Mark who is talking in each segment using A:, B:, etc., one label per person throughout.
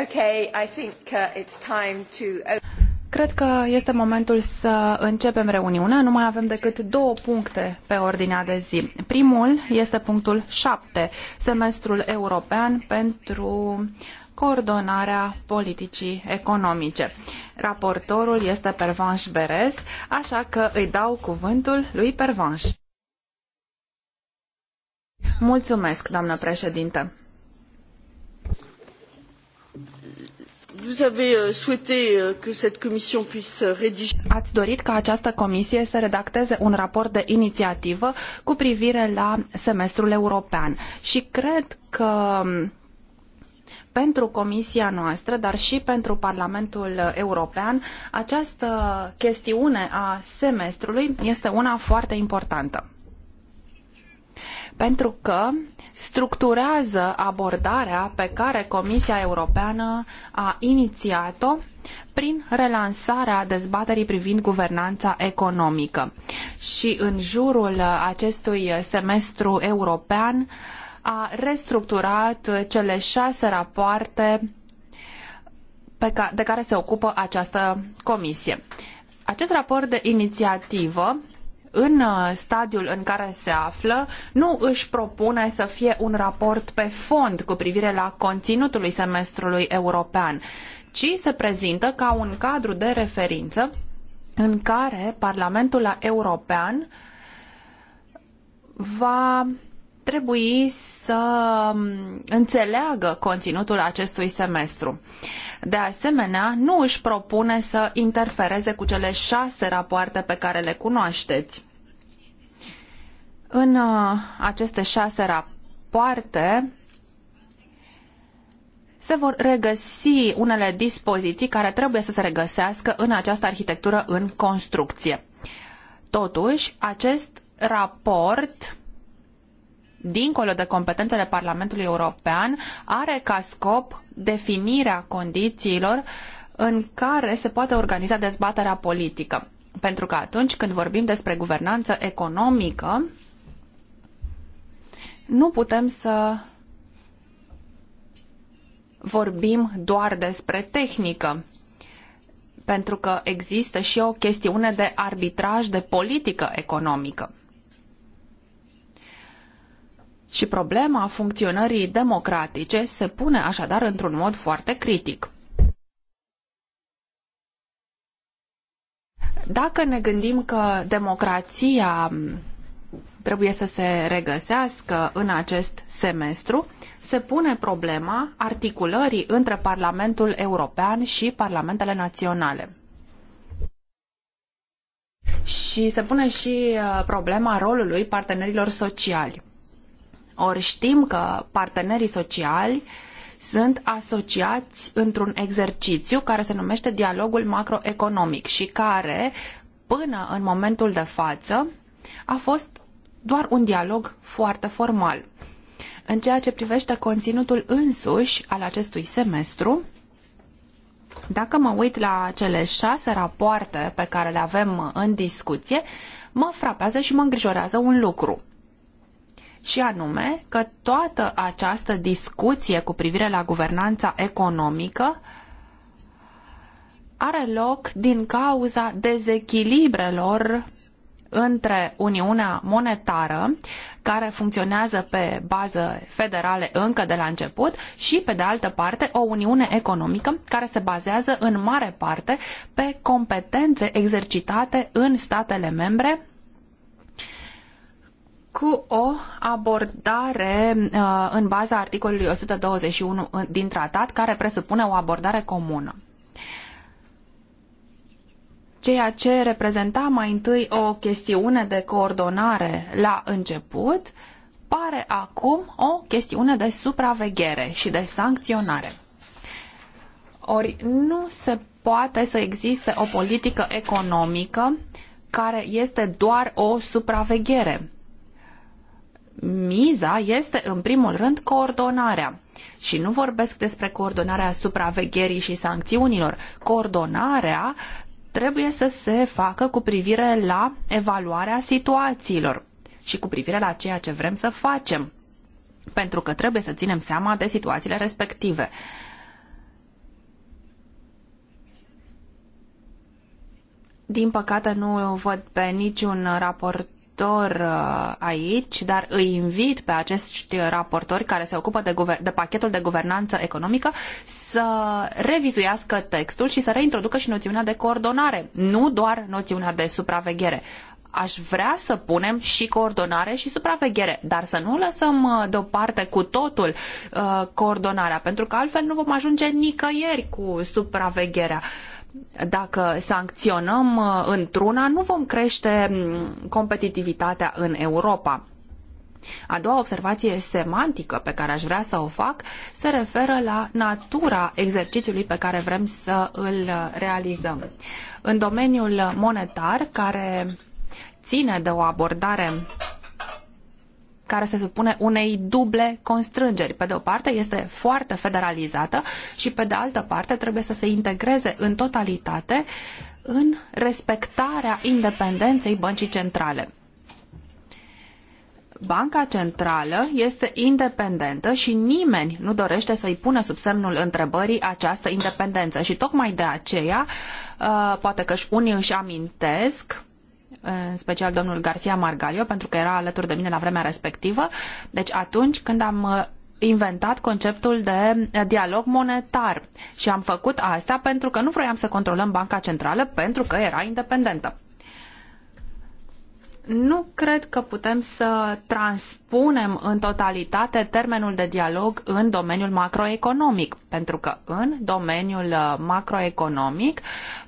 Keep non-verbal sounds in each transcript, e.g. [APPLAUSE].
A: Uh, Cred că este momentul să începem reuniunea. Nu mai avem decât două puncte pe ordinea de zi. Primul este punctul 7, semestrul european pentru coordonarea politicii economice. Raportorul este Pervanș Berez, așa că îi dau cuvântul lui Pervanș. Mulțumesc, doamnă președintă. Ați dorit ca această comisie să redacteze un raport de inițiativă cu privire la semestrul european și cred că um, pentru comisia noastră, dar și pentru Parlamentul European, această chestiune a semestrului este una foarte importantă pentru că structurează abordarea pe care Comisia Europeană a inițiat-o prin relansarea dezbaterii privind guvernanța economică. Și în jurul acestui semestru european a restructurat cele șase rapoarte de care se ocupă această comisie. Acest raport de inițiativă în uh, stadiul în care se află, nu își propune să fie un raport pe fond cu privire la conținutul semestrului european, ci se prezintă ca un cadru de referință în care Parlamentul European va trebui să um, înțeleagă conținutul acestui semestru. De asemenea, nu își propune să interfereze cu cele șase rapoarte pe care le cunoașteți. În uh, aceste șase rapoarte se vor regăsi unele dispoziții care trebuie să se regăsească în această arhitectură în construcție. Totuși, acest raport dincolo de competențele Parlamentului European, are ca scop definirea condițiilor în care se poate organiza dezbaterea politică. Pentru că atunci când vorbim despre guvernanță economică, nu putem să vorbim doar despre tehnică, pentru că există și o chestiune de arbitraj de politică economică. Și problema funcționării democratice se pune așadar într-un mod foarte critic. Dacă ne gândim că democrația trebuie să se regăsească în acest semestru, se pune problema articulării între Parlamentul European și Parlamentele Naționale. Și se pune și uh, problema rolului partenerilor sociali. Ori știm că partenerii sociali sunt asociați într-un exercițiu care se numește dialogul macroeconomic și care, până în momentul de față, a fost doar un dialog foarte formal. În ceea ce privește conținutul însuși al acestui semestru, dacă mă uit la cele șase rapoarte pe care le avem în discuție, mă frapează și mă îngrijorează un lucru. Și anume că toată această discuție cu privire la guvernanța economică are loc din cauza dezechilibrelor între Uniunea Monetară, care funcționează pe bază federale încă de la început, și, pe de altă parte, o Uniune Economică, care se bazează în mare parte pe competențe exercitate în statele membre cu o abordare uh, în baza articolului 121 uh, din tratat, care presupune o abordare comună ceea ce reprezenta mai întâi o chestiune de coordonare la început, pare acum o chestiune de supraveghere și de sancționare. Ori nu se poate să existe o politică economică care este doar o supraveghere. Miza este, în primul rând, coordonarea. Și nu vorbesc despre coordonarea supravegherii și sancțiunilor. Coordonarea trebuie să se facă cu privire la evaluarea situațiilor și cu privire la ceea ce vrem să facem, pentru că trebuie să ținem seama de situațiile respective. Din păcate nu văd pe niciun raport raportor uh, aici, dar îi invit pe acești raportori care se ocupă de, de pachetul de guvernanță economică să revizuiască textul și să reintroducă și noțiunea de coordonare, nu doar noțiunea de supraveghere aș vrea să punem și coordonare și supraveghere, dar să nu lăsăm uh, deoparte cu totul uh, coordonarea, pentru că altfel nu vom ajunge nicăieri cu supravegherea. Uh, dacă sancționăm uh, într-una, nu vom crește mm, competitivitatea în Europa. A doua observație semantică pe care aș vrea să o fac se referă la natura exercițiului pe care vrem să îl realizăm. În domeniul monetar, care ține de o abordare care se supune unei duble constrângeri. Pe de o parte este foarte federalizată și pe de altă parte trebuie să se integreze în totalitate în respectarea independenței băncii centrale. Banca Centrală este independentă și nimeni nu dorește să-i pună sub semnul întrebării această independență. Și tocmai de aceea, uh, poate că unii își amintesc în special domnul Garcia Margalio, pentru că era alături de mine la vremea respectivă. Deci atunci când am uh, inventat conceptul de uh, dialog monetar și am făcut asta pentru că nu vroiam să controlăm Banca Centrală pentru că era independentă. Nu cred că putem să transpunem în totalitate termenul de dialog în domeniul macroeconomic, pentru că în domeniul uh, macroeconomic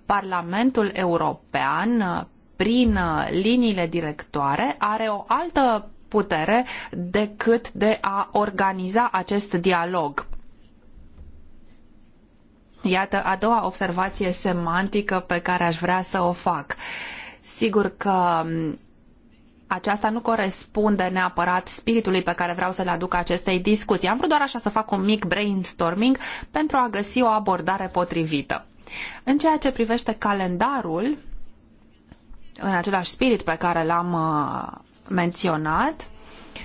A: Parlamentul European prin uh, liniile directoare are o altă putere decât de a organiza acest dialog. Iată a doua observație semantică pe care aș vrea să o fac. Sigur că um, aceasta nu corespunde neapărat spiritului pe care vreau să-l aduc acestei discuții. Am vrut doar așa să fac un mic brainstorming pentru a găsi o abordare potrivită. În ceea ce privește calendarul, în același spirit pe care l-am uh, menționat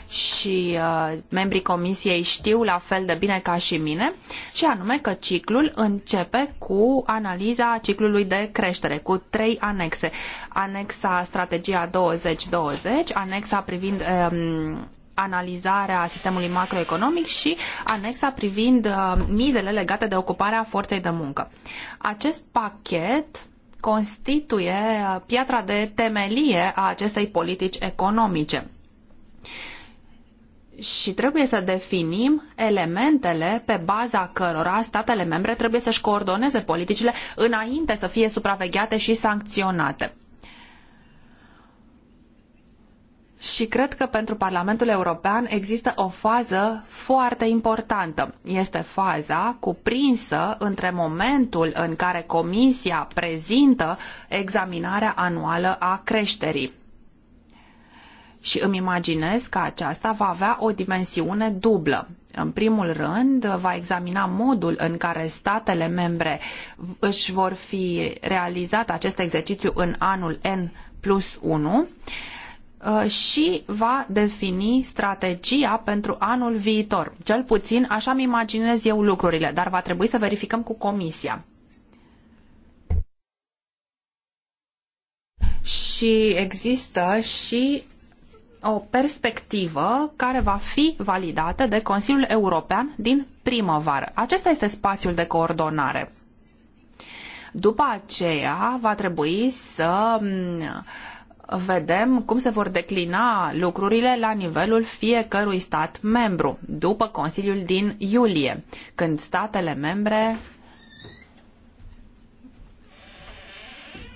A: și uh, membrii comisiei știu la fel de bine ca și mine, și anume că ciclul începe cu analiza ciclului de creștere, cu trei anexe. Anexa Strategia 2020, anexa privind um, analizarea sistemului macroeconomic și anexa privind uh, mizele legate de ocuparea forței de muncă. Acest pachet constituie uh, piatra de temelie a acestei politici economice. Și trebuie să definim elementele pe baza cărora statele membre trebuie să-și coordoneze politicile înainte să fie supravegheate și sancționate. și cred că pentru Parlamentul European există o fază foarte importantă. Este faza cuprinsă între momentul în care Comisia prezintă examinarea anuală a creșterii. Și îmi imaginez că aceasta va avea o dimensiune dublă. În primul rând, va examina modul în care statele membre își vor fi realizat acest exercițiu în anul N plus 1 Uh, și va defini strategia pentru anul viitor. Cel puțin așa îmi imaginez eu lucrurile, dar va trebui să verificăm cu comisia. Și există și o perspectivă care va fi validată de Consiliul European din primăvară. Acesta este spațiul de coordonare. După aceea va trebui să mm, vedem cum se vor declina lucrurile la nivelul fiecărui stat membru după Consiliul din iulie, când statele membre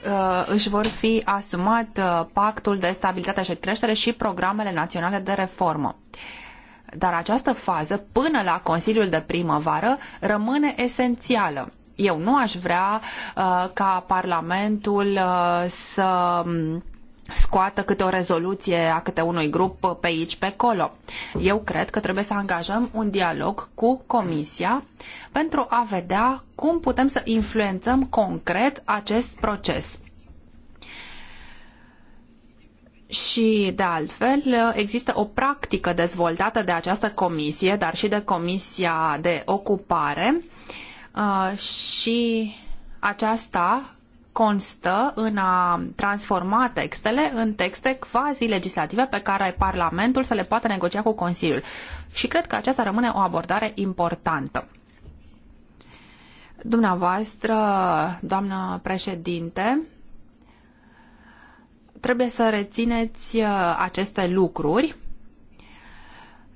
A: uh, își vor fi asumat uh, pactul de stabilitate și creștere și programele naționale de reformă. Dar această fază, până la Consiliul de primăvară, rămâne esențială. Eu nu aș vrea uh, ca Parlamentul uh, să scoată câte o rezoluție a câte unui grup pe aici, pe acolo. Eu cred că trebuie să angajăm un dialog cu Comisia pentru a vedea cum putem să influențăm concret acest proces. Și, de altfel, există o practică dezvoltată de această comisie, dar și de Comisia de Ocupare uh, și aceasta constă în a transforma textele în texte quasi-legislative pe care Parlamentul să le poată negocia cu Consiliul. Și cred că aceasta rămâne o abordare importantă. Dumneavoastră, doamnă președinte, trebuie să rețineți uh, aceste lucruri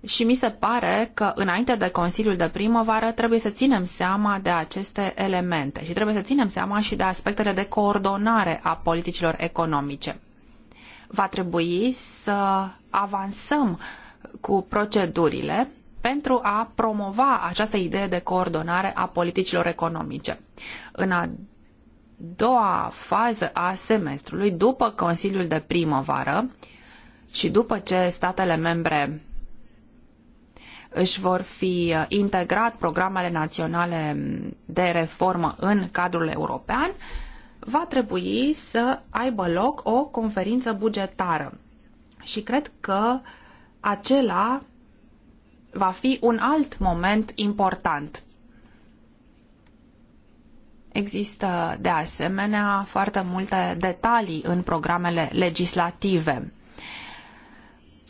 A: și mi se pare că înainte de Consiliul de primăvară trebuie să ținem seama de aceste elemente și trebuie să ținem seama și de aspectele de coordonare a politicilor economice. Va trebui să avansăm cu procedurile pentru a promova această idee de coordonare a politicilor economice. În a doua fază a semestrului, după Consiliul de primăvară și după ce statele membre își vor fi uh, integrat programele naționale de reformă în cadrul european, va trebui să aibă loc o conferință bugetară. Și cred că acela va fi un alt moment important. Există, de asemenea, foarte multe detalii în programele legislative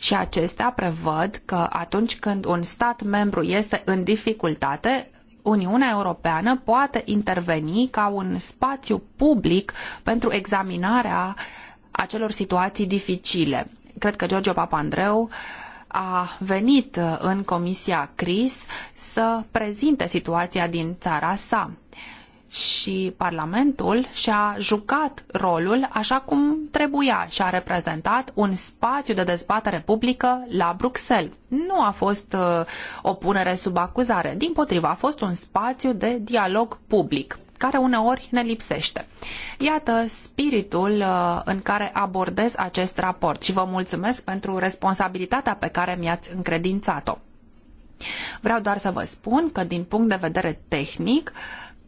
A: și acestea prevăd că atunci când un stat membru este în dificultate, Uniunea Europeană poate interveni ca un spațiu public pentru examinarea acelor situații dificile. Cred că George Papandreou a venit în Comisia CRIS să prezinte situația din țara sa și Parlamentul și-a jucat rolul așa cum trebuia și a reprezentat un spațiu de dezbatere publică la Bruxelles. Nu a fost uh, o punere sub acuzare, din potriva a fost un spațiu de dialog public care uneori ne lipsește. Iată spiritul uh, în care abordez acest raport și vă mulțumesc pentru responsabilitatea pe care mi-ați încredințat-o. Vreau doar să vă spun că din punct de vedere tehnic,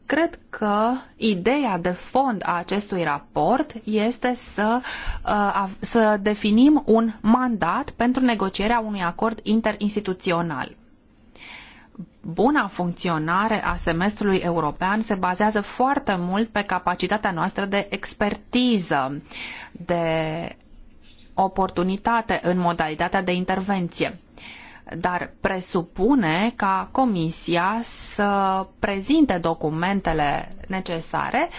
A: Cred că ideea de fond a acestui raport este să, uh, să definim un mandat pentru negocierea unui acord interinstituțional buna funcționare a semestrului european se bazează foarte mult pe capacitatea noastră de expertiză, de oportunitate în modalitatea de intervenție dar presupune ca Comisia să prezinte documentele necesare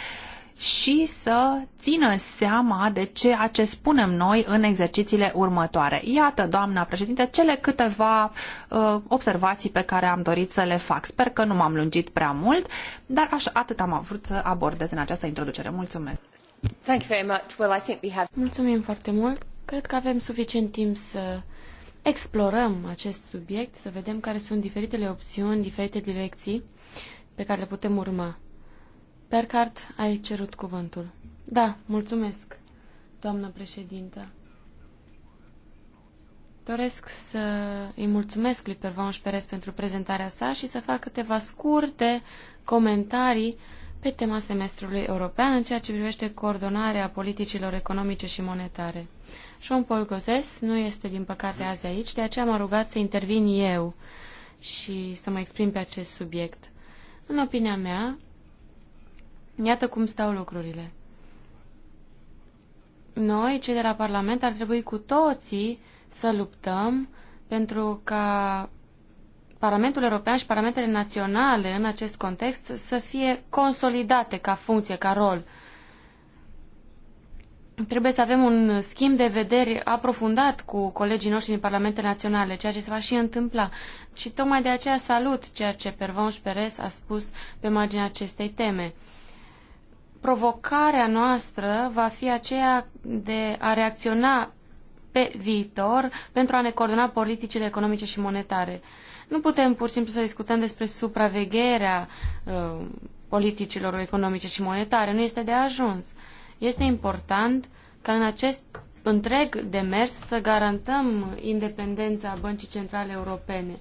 A: și să țină seama de ceea ce spunem noi în exercițiile următoare. Iată, doamna președinte, cele câteva uh, observații pe care am dorit să le fac. Sper că nu m-am lungit prea mult, dar așa atât am vrut să abordez în această introducere. Mulțumesc! Thank you very much. Well, I
B: think we have... Mulțumim foarte mult. Cred că avem suficient timp să explorăm acest subiect, să vedem care sunt diferitele opțiuni, diferite direcții pe care le putem urma. Percart, ai cerut cuvântul. Da, mulțumesc, doamnă președintă. Doresc să îi mulțumesc lui Pervanș Perez pentru prezentarea sa și să fac câteva scurte comentarii pe tema semestrului european în ceea ce privește coordonarea politicilor economice și monetare. Jean-Paul Gozes nu este, din păcate, azi aici, de aceea m-a rugat să intervin eu și să mă exprim pe acest subiect. În opinia mea, iată cum stau lucrurile. Noi, cei de la Parlament, ar trebui cu toții să luptăm pentru ca Parlamentul European și Parlamentele Naționale în acest context să fie consolidate ca funcție, ca rol trebuie să avem un schimb de vederi aprofundat cu colegii noștri din parlamente Naționale, ceea ce se va și întâmpla. Și tocmai de aceea salut ceea ce Pervon Peres a spus pe marginea acestei teme. Provocarea noastră va fi aceea de a reacționa pe viitor pentru a ne coordona politicile economice și monetare. Nu putem pur și simplu să discutăm despre supravegherea uh, politicilor economice și monetare. Nu este de ajuns. Uh, este important ca în acest întreg demers să garantăm independența Băncii Centrale Europene.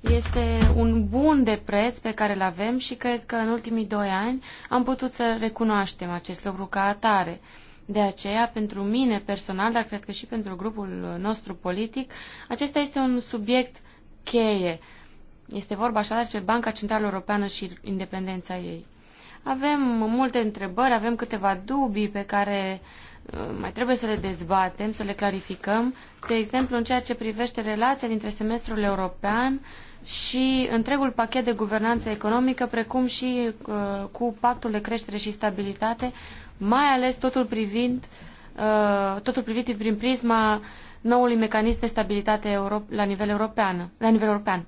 B: Este un bun de preț pe care îl avem și cred că în ultimii doi ani am putut să recunoaștem acest lucru ca atare. De aceea, pentru mine personal, dar cred că și pentru grupul nostru politic, acesta este un subiect cheie. Este vorba așadar, despre Banca Centrală Europeană și independența ei. Avem multe întrebări, avem câteva dubii pe care uh, mai trebuie să le dezbatem, să le clarificăm, de exemplu în ceea ce privește relația dintre semestrul european și întregul pachet de guvernanță economică, precum și uh, cu pactul de creștere și stabilitate, mai ales totul privind uh, totul privit prin prisma noului mecanism de stabilitate la nivel european. La nivel european.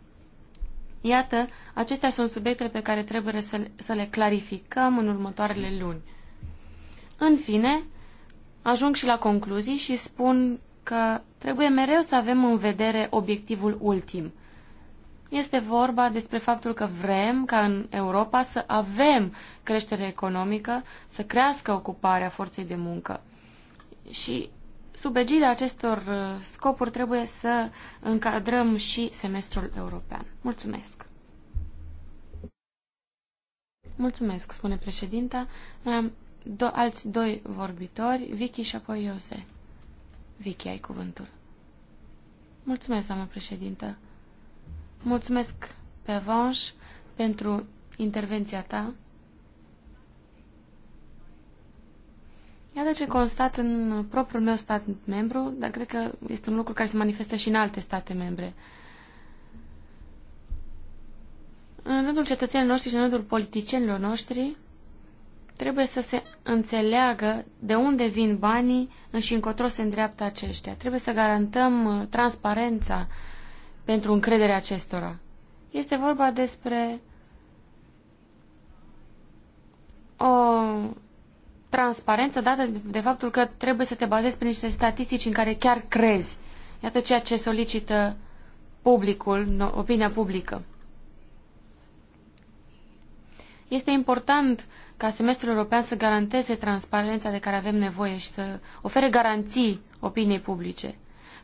B: Iată, acestea sunt subiectele pe care trebuie să le, să le clarificăm în următoarele luni. În fine, ajung și la concluzii și spun că trebuie mereu să avem în vedere obiectivul ultim. Este vorba despre faptul că vrem ca în Europa să avem creștere economică, să crească ocuparea forței de muncă. Și Sub egida acestor uh, scopuri trebuie să încadrăm și semestrul european. Mulțumesc! Mulțumesc, spune președinta. Mai am do- alți doi vorbitori, Vicky și apoi Iose. Vicky, ai cuvântul. Mulțumesc, doamnă președintă. Mulțumesc, Pevanș, pentru intervenția ta. Iată ce constat în propriul meu stat membru, dar cred că este un lucru care se manifestă și în alte state membre. În rândul cetățenilor noștri și în rândul politicienilor noștri, trebuie să se înțeleagă de unde vin banii și încotro se îndreaptă aceștia. Trebuie să garantăm uh, transparența pentru încrederea acestora. Este vorba despre o transparență dată de faptul că trebuie să te bazezi pe niște statistici în care chiar crezi. Iată ceea ce solicită publicul, opinia publică. Este important ca semestrul european să garanteze transparența de care avem nevoie și să ofere garanții opiniei publice.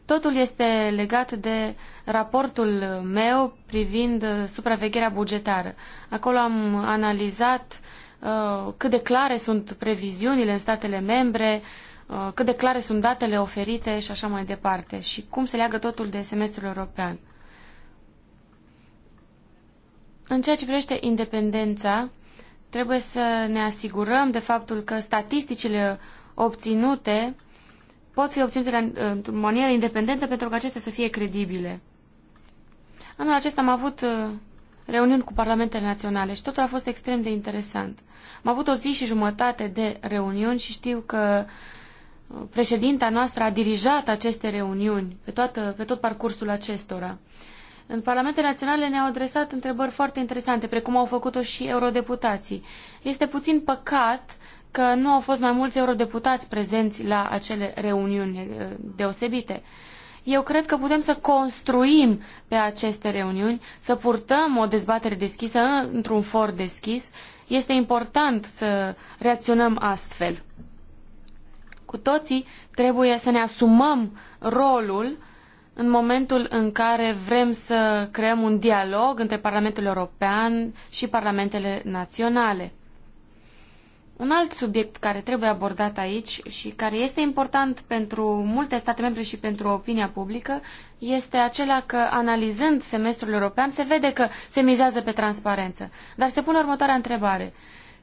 B: Totul este legat de raportul meu privind supravegherea bugetară. Acolo am analizat uh, Uh, cât de clare sunt previziunile în statele membre, uh, cât de clare sunt datele oferite și așa mai departe și cum se leagă totul de semestrul european. În ceea ce privește independența, trebuie să ne asigurăm de faptul că statisticile obținute pot fi obținute într-o manieră independentă pentru că acestea să fie credibile. Anul acesta am avut uh, reuniuni cu parlamentele naționale și totul a fost extrem de interesant. Am avut o zi și jumătate de reuniuni și știu că uh, președinta noastră a dirijat aceste reuniuni pe, toată, pe tot parcursul acestora. În Parlamentele Naționale ne-au adresat întrebări foarte interesante, precum au făcut-o și eurodeputații. Este puțin păcat că nu au fost mai mulți eurodeputați prezenți la acele reuniuni uh, deosebite. Eu cred că putem să construim pe aceste reuniuni, să purtăm o dezbatere deschisă într-un for deschis. Este important să reacționăm astfel. Cu toții trebuie să ne asumăm rolul în momentul în care vrem să creăm un dialog între Parlamentul European și Parlamentele Naționale. Un alt subiect care trebuie abordat aici și care este important pentru multe state membre și pentru opinia publică este acela că analizând semestrul european se vede că se mizează pe transparență. Dar se pune următoarea întrebare.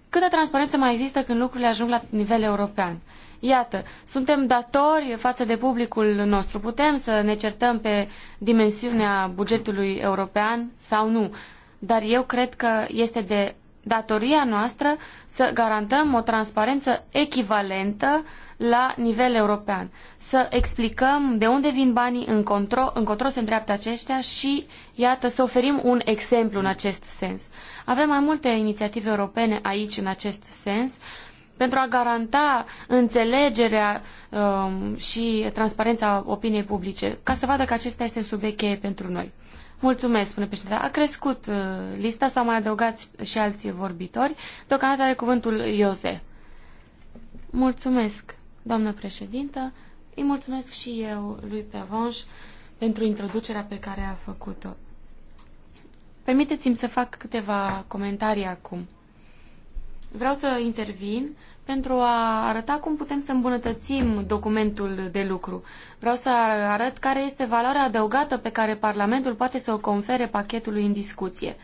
B: Câtă transparență mai există când lucrurile ajung la nivel european? Iată, suntem datori față de publicul nostru. Putem să ne certăm pe dimensiunea bugetului european sau nu. Dar eu cred că este de datoria noastră să garantăm o transparență echivalentă la nivel european. Să explicăm de unde vin banii, încotro, încotro se îndreaptă aceștia și, iată, să oferim un exemplu în acest sens. Avem mai multe inițiative europene aici în acest sens pentru a garanta înțelegerea um, și transparența opiniei publice, ca să vadă că acesta este un subiect cheie pentru noi. Mulțumesc, spune președinte. A crescut uh, lista, s-au mai adăugat și alții vorbitori. Deocamdată are cuvântul Iose. Mulțumesc, doamnă președintă. Îi mulțumesc și eu lui Pevonș pentru introducerea pe care a făcut-o. Permiteți-mi să fac câteva comentarii acum. Vreau să intervin pentru a arăta cum putem să îmbunătățim documentul de lucru. Vreau să arăt care este valoarea adăugată pe care Parlamentul poate să o confere pachetului în discuție.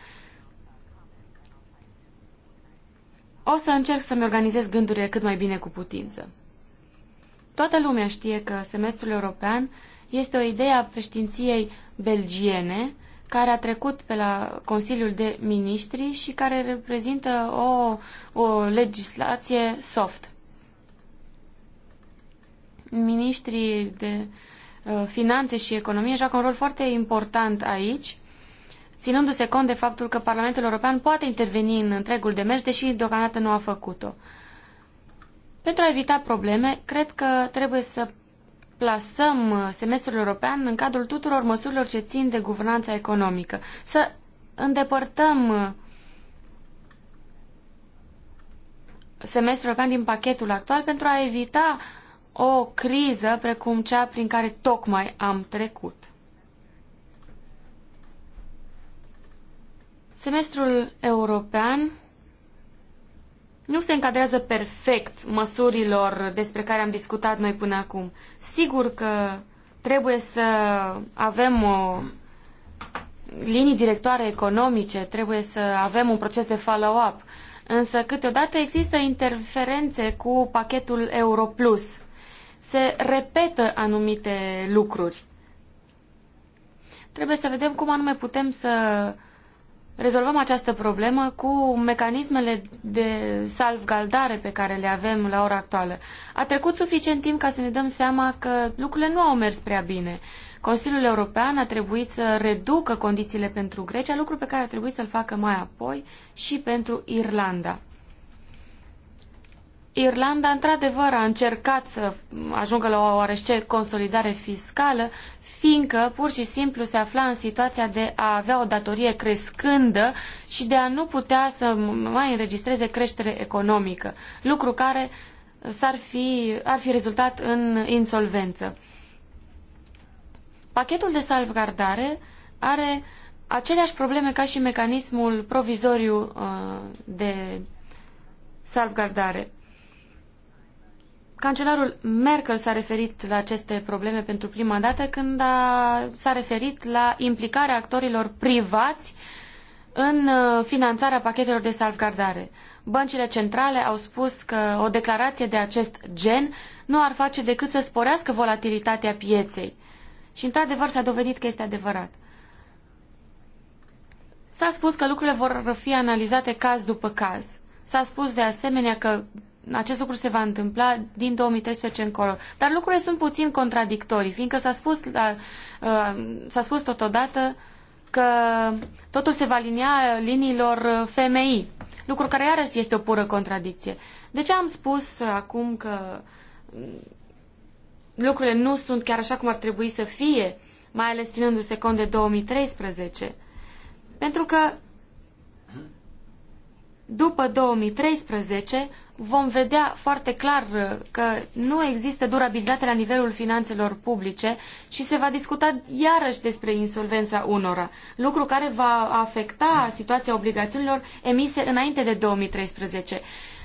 B: O să încerc să-mi organizez gândurile cât mai bine cu putință. Toată lumea știe că semestrul european este o idee a președinției belgiene care a trecut pe la Consiliul de Ministri și care reprezintă o, o legislație soft. Ministrii de uh, Finanțe și Economie joacă un rol foarte important aici, ținându-se cont de faptul că Parlamentul European poate interveni în întregul demers, deși deocamdată nu a făcut-o. Pentru a evita probleme, cred că trebuie să plasăm uh, semestrul european în cadrul tuturor măsurilor ce țin de guvernanța economică. Să îndepărtăm uh, semestrul european din pachetul actual pentru a evita o criză precum cea prin care tocmai am trecut. Semestrul european nu se încadrează perfect măsurilor despre care am discutat noi până acum. Sigur că trebuie să avem o linii directoare economice, trebuie să avem un proces de follow-up, însă câteodată există interferențe cu pachetul Europlus. Se repetă anumite lucruri. Trebuie să vedem cum anume putem să rezolvăm această problemă cu mecanismele de salvgaldare pe care le avem la ora actuală. A trecut suficient timp ca să ne dăm seama că lucrurile nu au mers prea bine. Consiliul European a trebuit să reducă condițiile pentru Grecia, lucru pe care a trebuit să-l facă mai apoi și pentru Irlanda. Irlanda, într-adevăr, a încercat să ajungă la o oarește consolidare fiscală fiindcă pur și simplu se afla în situația de a avea o datorie crescândă și de a nu putea să mai înregistreze creștere economică, lucru care s-ar fi, ar fi rezultat în insolvență. Pachetul de salvgardare are aceleași probleme ca și mecanismul provizoriu uh, de salvgardare. Cancelarul Merkel s-a referit la aceste probleme pentru prima dată când a, s-a referit la implicarea actorilor privați în uh, finanțarea pachetelor de salvgardare. Băncile centrale au spus că o declarație de acest gen nu ar face decât să sporească volatilitatea pieței. Și într-adevăr s-a dovedit că este adevărat. S-a spus că lucrurile vor fi analizate caz după caz. S-a spus de asemenea că acest lucru se va întâmpla din 2013 încolo. Dar lucrurile sunt puțin contradictorii, fiindcă s-a spus, la, uh, s-a spus totodată că totul se va linia liniilor femei, lucru care iarăși este o pură contradicție. De ce am spus acum că lucrurile nu sunt chiar așa cum ar trebui să fie, mai ales ținându-se cont de 2013? Pentru că după 2013 vom vedea foarte clar uh, că nu există durabilitate la nivelul finanțelor publice și se va discuta iarăși despre insolvența unora, lucru care va afecta situația obligațiunilor emise înainte de 2013.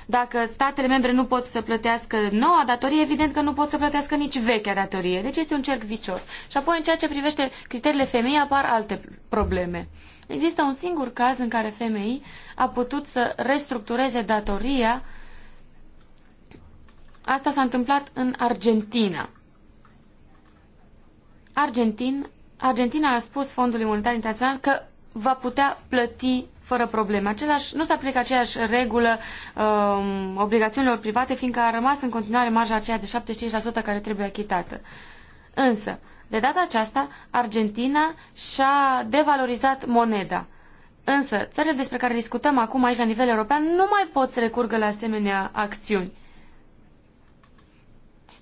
B: Dacă statele membre nu pot să plătească noua datorie, evident că nu pot să plătească nici vechea datorie. Deci este un cerc vicios. Și apoi, în ceea ce privește criteriile femei, apar alte probleme. Există un singur caz în care femei a putut să restructureze datoria uh, Asta s-a întâmplat în Argentina. Argentin, Argentina a spus Fondului Monetar Internațional că va putea plăti fără probleme. Același, nu se aplică aceeași regulă um, obligațiunilor private, fiindcă a rămas în continuare marja aceea de 75% care trebuie achitată. Însă, de data aceasta, Argentina și-a devalorizat moneda. Însă, țările despre care discutăm acum aici la nivel european nu mai pot să recurgă la asemenea acțiuni.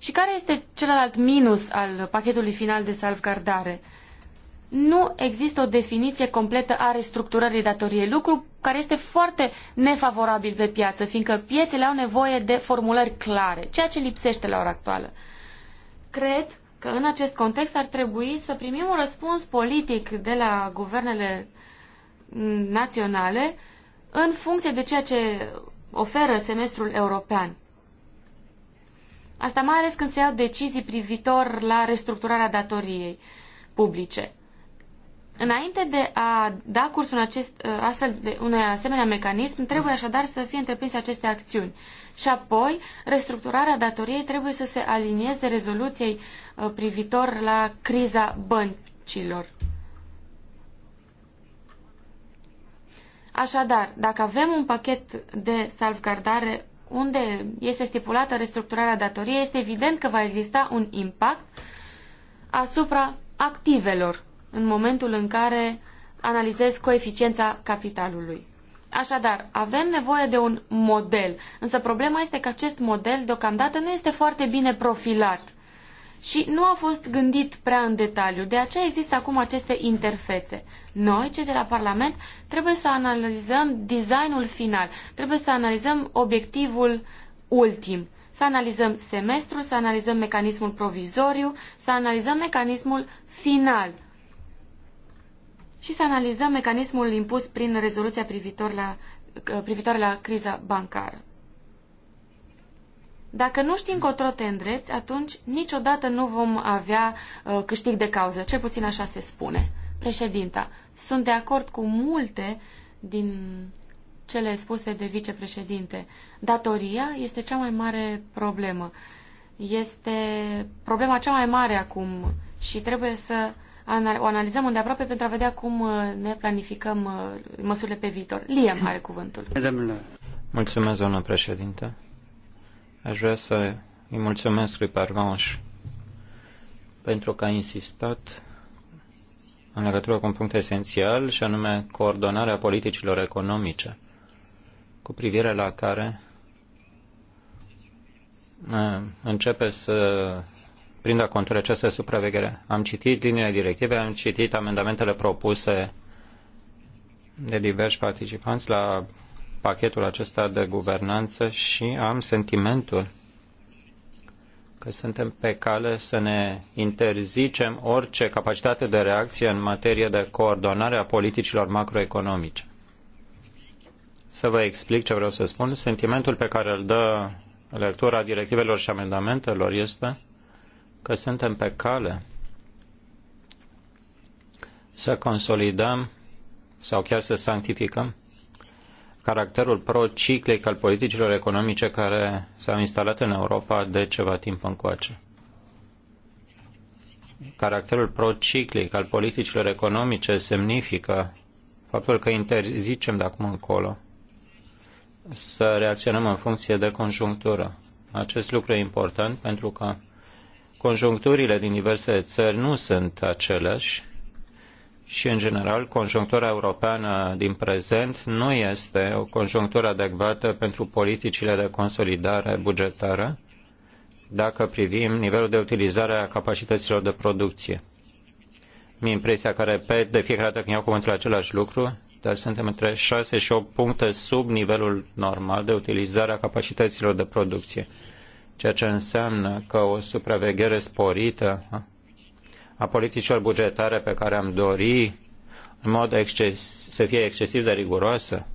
B: Și care este celălalt minus al pachetului final de salvgardare? Nu există o definiție completă a restructurării datoriei, lucru care este foarte nefavorabil pe piață, fiindcă piețele au nevoie de formulări clare, ceea ce lipsește la ora actuală. Cred că în acest context ar trebui să primim un răspuns politic de la guvernele naționale în funcție de ceea ce oferă semestrul european. Asta mai ales când se iau decizii privitor la restructurarea datoriei publice. Înainte de a da curs un acest, ă, astfel de, unui asemenea mecanism, trebuie așadar să fie întreprinse aceste acțiuni. Și apoi, restructurarea datoriei trebuie să se alinieze rezoluției ă, privitor la criza băncilor. Așadar, dacă avem un pachet de salvgardare unde este stipulată restructurarea datoriei, este evident că va exista un impact asupra activelor în momentul în care analizez coeficiența capitalului. Așadar, avem nevoie de un model, însă problema este că acest model deocamdată nu este foarte bine profilat și nu a fost gândit prea în detaliu. De aceea există acum aceste interfețe. Noi, cei de la Parlament, trebuie să analizăm designul final, trebuie să analizăm obiectivul ultim, să analizăm semestrul, să analizăm mecanismul provizoriu, să analizăm mecanismul final și să analizăm mecanismul impus prin rezoluția privitor la, privitoare la criza bancară. Dacă nu știi încotro te îndrepți, atunci niciodată nu vom avea uh, câștig de cauză. Cel puțin așa se spune. Președinta, sunt de acord cu multe din cele spuse de vicepreședinte. Datoria este cea mai mare problemă. Este problema cea mai mare acum și trebuie să o analizăm îndeaproape pentru a vedea cum uh, ne planificăm uh, măsurile pe viitor. Liam are cuvântul.
C: Mulțumesc, doamnă președinte. Aș vrea să îi mulțumesc lui Parvanș pentru că a insistat în legătură cu un punct esențial și anume coordonarea politicilor economice cu privire la care începe să prindă contur această supraveghere. Am citit liniile directive, am citit amendamentele propuse de diversi participanți la pachetul acesta de guvernanță și am sentimentul că suntem pe cale să ne interzicem orice capacitate de reacție în materie de coordonare a politicilor macroeconomice. Să vă explic ce vreau să spun. Sentimentul pe care îl dă lectura directivelor și amendamentelor este că suntem pe cale să consolidăm sau chiar să sanctificăm caracterul prociclic al politicilor economice care s-au instalat în Europa de ceva timp încoace. Caracterul prociclic al politicilor economice semnifică faptul că interzicem de acum încolo să reacționăm în funcție de conjunctură. Acest lucru e important pentru că conjuncturile din diverse țări nu sunt aceleași și, în general, conjunctura europeană din prezent nu este o conjunctură adecvată pentru politicile de consolidare bugetară dacă privim nivelul de utilizare a capacităților de producție. Mi impresia că repet de fiecare dată când iau cuvântul același lucru, dar suntem între 6 și 8 puncte sub nivelul normal de utilizare a capacităților de producție, ceea ce înseamnă că o supraveghere sporită a politicilor bugetare pe care am dori în mod exces, să fie excesiv de riguroasă,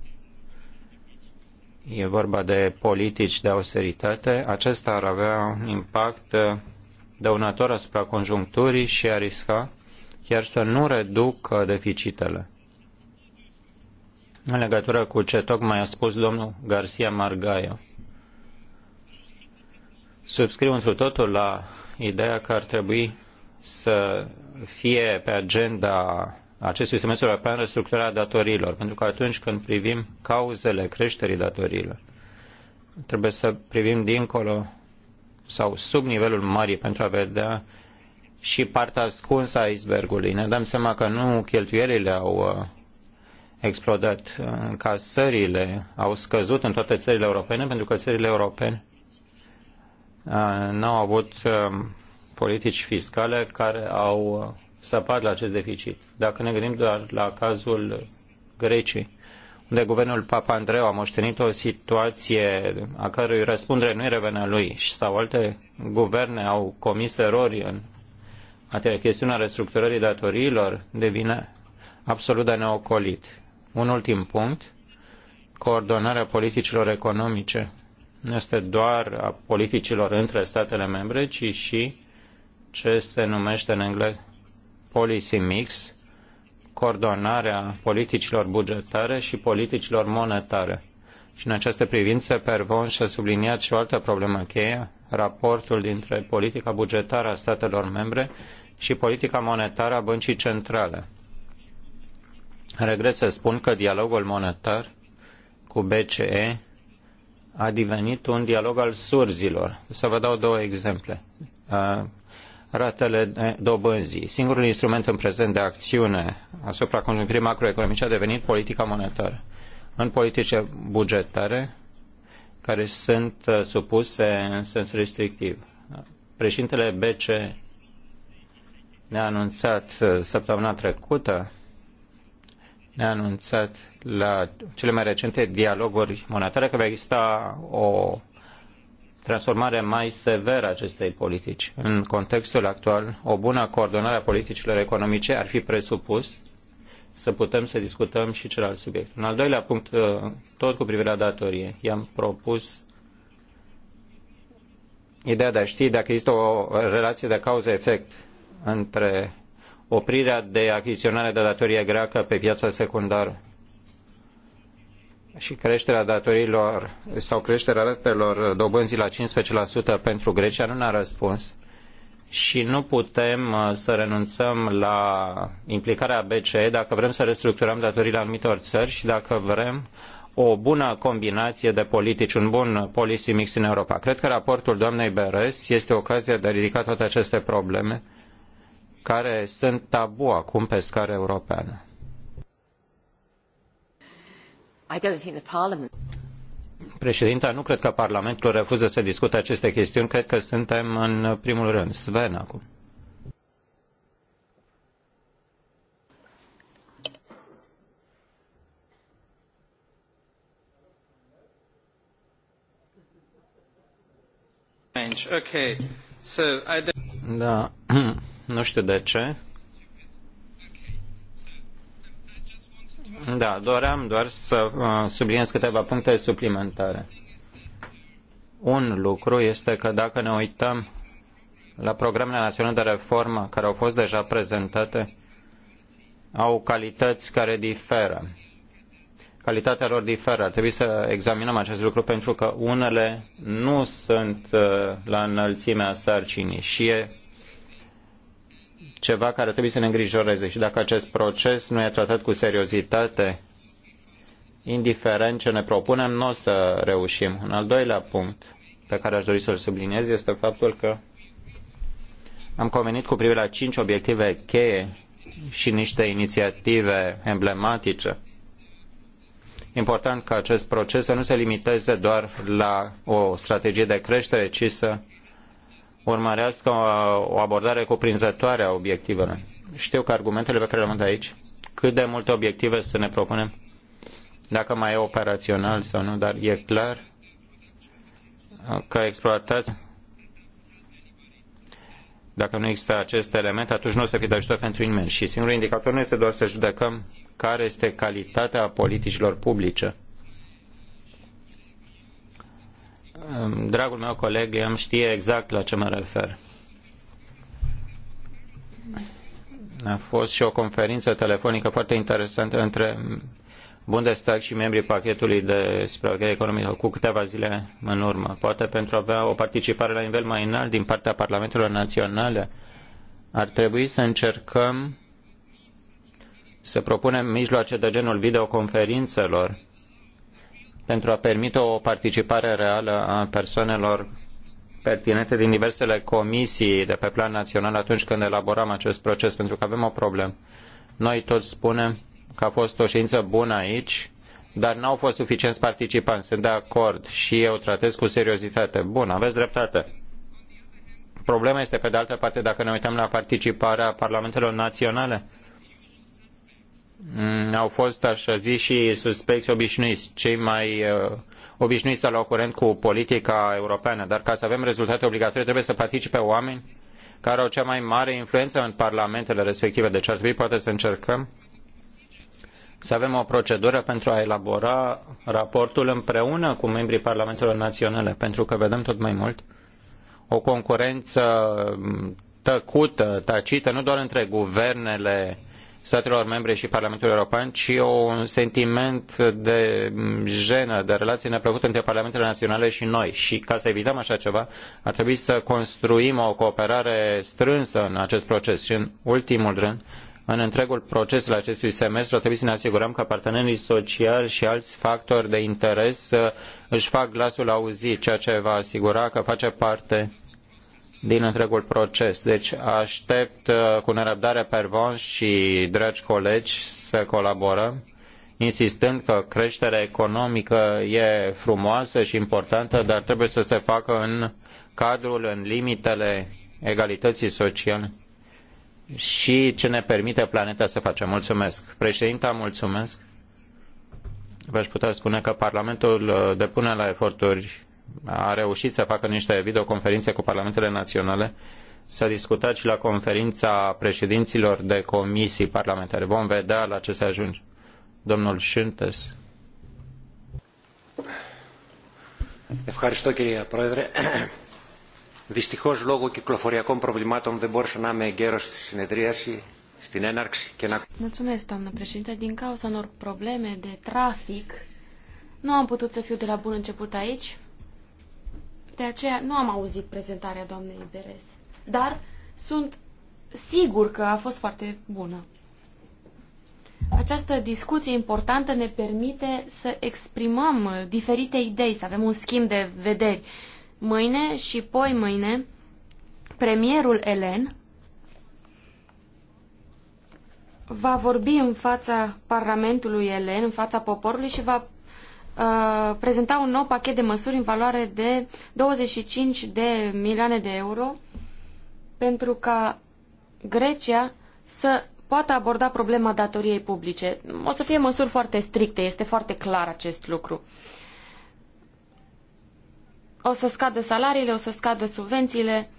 C: e vorba de politici de austeritate, acesta ar avea un impact uh, dăunător asupra conjuncturii și ar risca chiar să nu reducă deficitele. În legătură cu ce tocmai a spus domnul Garcia Margaio, subscriu întru totul la ideea că ar trebui să fie pe agenda acestui semestru european restructurarea datoriilor, pentru că atunci când privim cauzele creșterii datoriilor, trebuie să privim dincolo sau sub nivelul mării pentru a vedea și partea ascunsă a icebergului. Ne dăm seama că nu cheltuielile au uh, explodat, uh, încasările au scăzut în toate țările europene, pentru că țările europene uh, n-au avut politici fiscale care au uh, săpat la acest deficit. Dacă ne gândim doar la cazul Greciei, unde guvernul Papa Andreu a moștenit o situație a cărui răspundere nu-i revenea lui și sau alte guverne au comis erori în atâta chestiunea restructurării datoriilor devine absolut de neocolit. Un ultim punct, coordonarea politicilor economice nu este doar a politicilor între statele membre, ci și ce se numește în engleză policy mix, coordonarea politicilor bugetare și politicilor monetare. Și în această privință, Pervon și-a subliniat și o altă problemă cheie, raportul dintre politica bugetară a statelor membre și politica monetară a băncii centrale. Regret să spun că dialogul monetar cu BCE a devenit un dialog al surzilor. Să vă dau două exemple ratele dobânzii. Singurul instrument în prezent de acțiune asupra conjuncturii macroeconomice a devenit politica monetară. În politice bugetare, care sunt uh, supuse în sens restrictiv. Președintele BC ne-a anunțat uh, săptămâna trecută, ne-a anunțat la cele mai recente dialoguri monetare că va exista o transformare mai severă a acestei politici. În contextul actual, o bună coordonare a politicilor economice ar fi presupus să putem să discutăm și celălalt subiect. Un al doilea punct, uh, tot cu privire la datorie, i-am propus ideea de a ști dacă există o relație de cauză-efect între oprirea de achiziționare de datorie greacă pe piața secundară și creșterea datoriilor sau creșterea ratelor dobânzii la 15% pentru Grecia nu ne-a răspuns și nu putem uh, să renunțăm la implicarea BCE dacă vrem să restructurăm datoriile anumitor țări și dacă vrem o bună combinație de politici, un bun policy mix în Europa. Cred că raportul doamnei Beres este ocazia de a ridica toate aceste probleme care sunt tabu acum pe scară europeană. Președinta, nu cred că Parlamentul refuză să discute aceste chestiuni. Cred că suntem în primul rând. Sven acum. Da, [CLEARS THROAT] nu știu de ce. Da, doream doar să uh, subliniez câteva puncte suplimentare. Un lucru este că dacă ne uităm la programele naționale de reformă care au fost deja prezentate, au calități care diferă. Calitatea lor diferă. Ar trebui să examinăm acest lucru pentru că unele nu sunt uh, la înălțimea sarcinii și e ceva care trebuie să ne îngrijoreze și dacă acest proces nu e tratat cu seriozitate, indiferent ce ne propunem, nu o să reușim. Un al doilea punct pe care aș dori să-l subliniez este faptul că am convenit cu privire la cinci obiective cheie și niște inițiative emblematice. Important ca acest proces să nu se limiteze doar la o strategie de creștere, ci să urmărească o abordare cuprinzătoare a obiectivelor. Știu că argumentele pe care le-am dat aici, cât de multe obiective să ne propunem, dacă mai e operațional sau nu, dar e clar că exploatați dacă nu există acest element, atunci nu o să fie de ajutor pentru nimeni. Și singurul indicator nu este doar să judecăm care este calitatea politicilor publice dragul meu coleg am știe exact la ce mă refer. A fost și o conferință telefonică foarte interesantă între Bundestag și membrii pachetului de supraveghere economică cu câteva zile în urmă. Poate pentru a avea o participare la nivel mai înalt din partea Parlamentelor Naționale, ar trebui să încercăm să propunem mijloace de genul videoconferințelor pentru a permite o participare reală a persoanelor pertinente din diversele comisii de pe plan național atunci când elaboram acest proces, pentru că avem o problemă. Noi toți spunem că a fost o știință bună aici, dar n-au fost suficienți participanți. Sunt de acord și eu tratez cu seriozitate. Bun, aveți dreptate. Problema este, pe de altă parte, dacă ne uităm la participarea parlamentelor naționale, Mm, au fost așa zis și suspecți obișnuiți, cei mai uh, obișnuiți să la curent cu politica europeană, dar ca să avem rezultate obligatorii trebuie să participe oameni care au cea mai mare influență în parlamentele respective. Deci ar trebui poate să încercăm să avem o procedură pentru a elabora raportul împreună cu membrii Parlamentelor Naționale, pentru că vedem tot mai mult o concurență tăcută, tacită, nu doar între guvernele statelor membre și Parlamentului European, ci un sentiment de mm, jenă, de relație neplăcută între Parlamentele Naționale și noi. Și ca să evităm așa ceva, ar trebui să construim o cooperare strânsă în acest proces. Și în ultimul rând, în întregul proces al acestui semestru, trebuie să ne asigurăm că partenerii sociali și alți factori de interes uh, își fac glasul auzit, ceea ce va asigura că face parte din întregul proces. Deci aștept uh, cu nerăbdare pervon și dragi colegi să colaborăm, insistând că creșterea economică e frumoasă și importantă, dar trebuie să se facă în cadrul, în limitele egalității sociale și ce ne permite planeta să facem. Mulțumesc. Președinta, mulțumesc. V-aș putea spune că Parlamentul uh, depune la eforturi a reușit să facă niște videoconferințe cu parlamentele naționale. S-a discutat și la conferința președinților de comisii parlamentare. Vom vedea la ce se ajunge. Domnul Șântes. Ευχαριστώ κυρία Πρόεδρε. Δυστυχώς λόγω κυκλοφοριακών προβλημάτων δεν μπόρεσα να είμαι εγκαίρος στη συνεδρίαση, στην έναρξη και να...
B: Mulțumesc, doamnă președinte. Din cauza unor probleme de trafic, nu am putut să fiu de la bun început aici. De aceea nu am auzit prezentarea doamnei Berez. Dar sunt sigur că a fost foarte bună. Această discuție importantă ne permite să exprimăm diferite idei, să avem un schimb de vederi. Mâine și poi mâine, premierul Elen va vorbi în fața Parlamentului Elen, în fața poporului și va Uh, prezenta un nou pachet de măsuri în valoare de 25 de milioane de euro pentru ca Grecia să poată aborda problema datoriei publice. O să fie măsuri foarte stricte, este foarte clar acest lucru. O să scadă salariile, o să scadă subvențiile.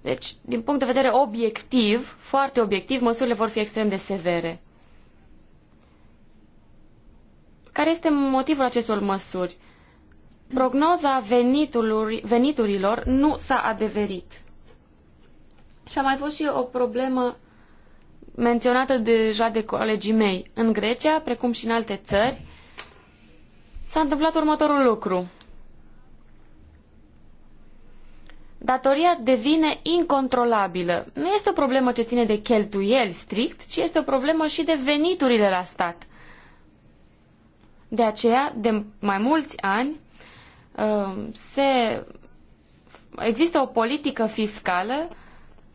B: Deci, din punct de vedere obiectiv, foarte obiectiv, măsurile vor fi extrem de severe. Care este motivul acestor măsuri? Prognoza veniturilor nu s-a adeverit. Și a mai fost și o problemă menționată deja de colegii mei. În Grecia, precum și în alte țări, s-a întâmplat următorul lucru. Datoria devine incontrolabilă. Nu este o problemă ce ține de cheltuieli strict, ci este o problemă și de veniturile la stat. De aceea, de mai mulți ani, uh, se, există o politică fiscală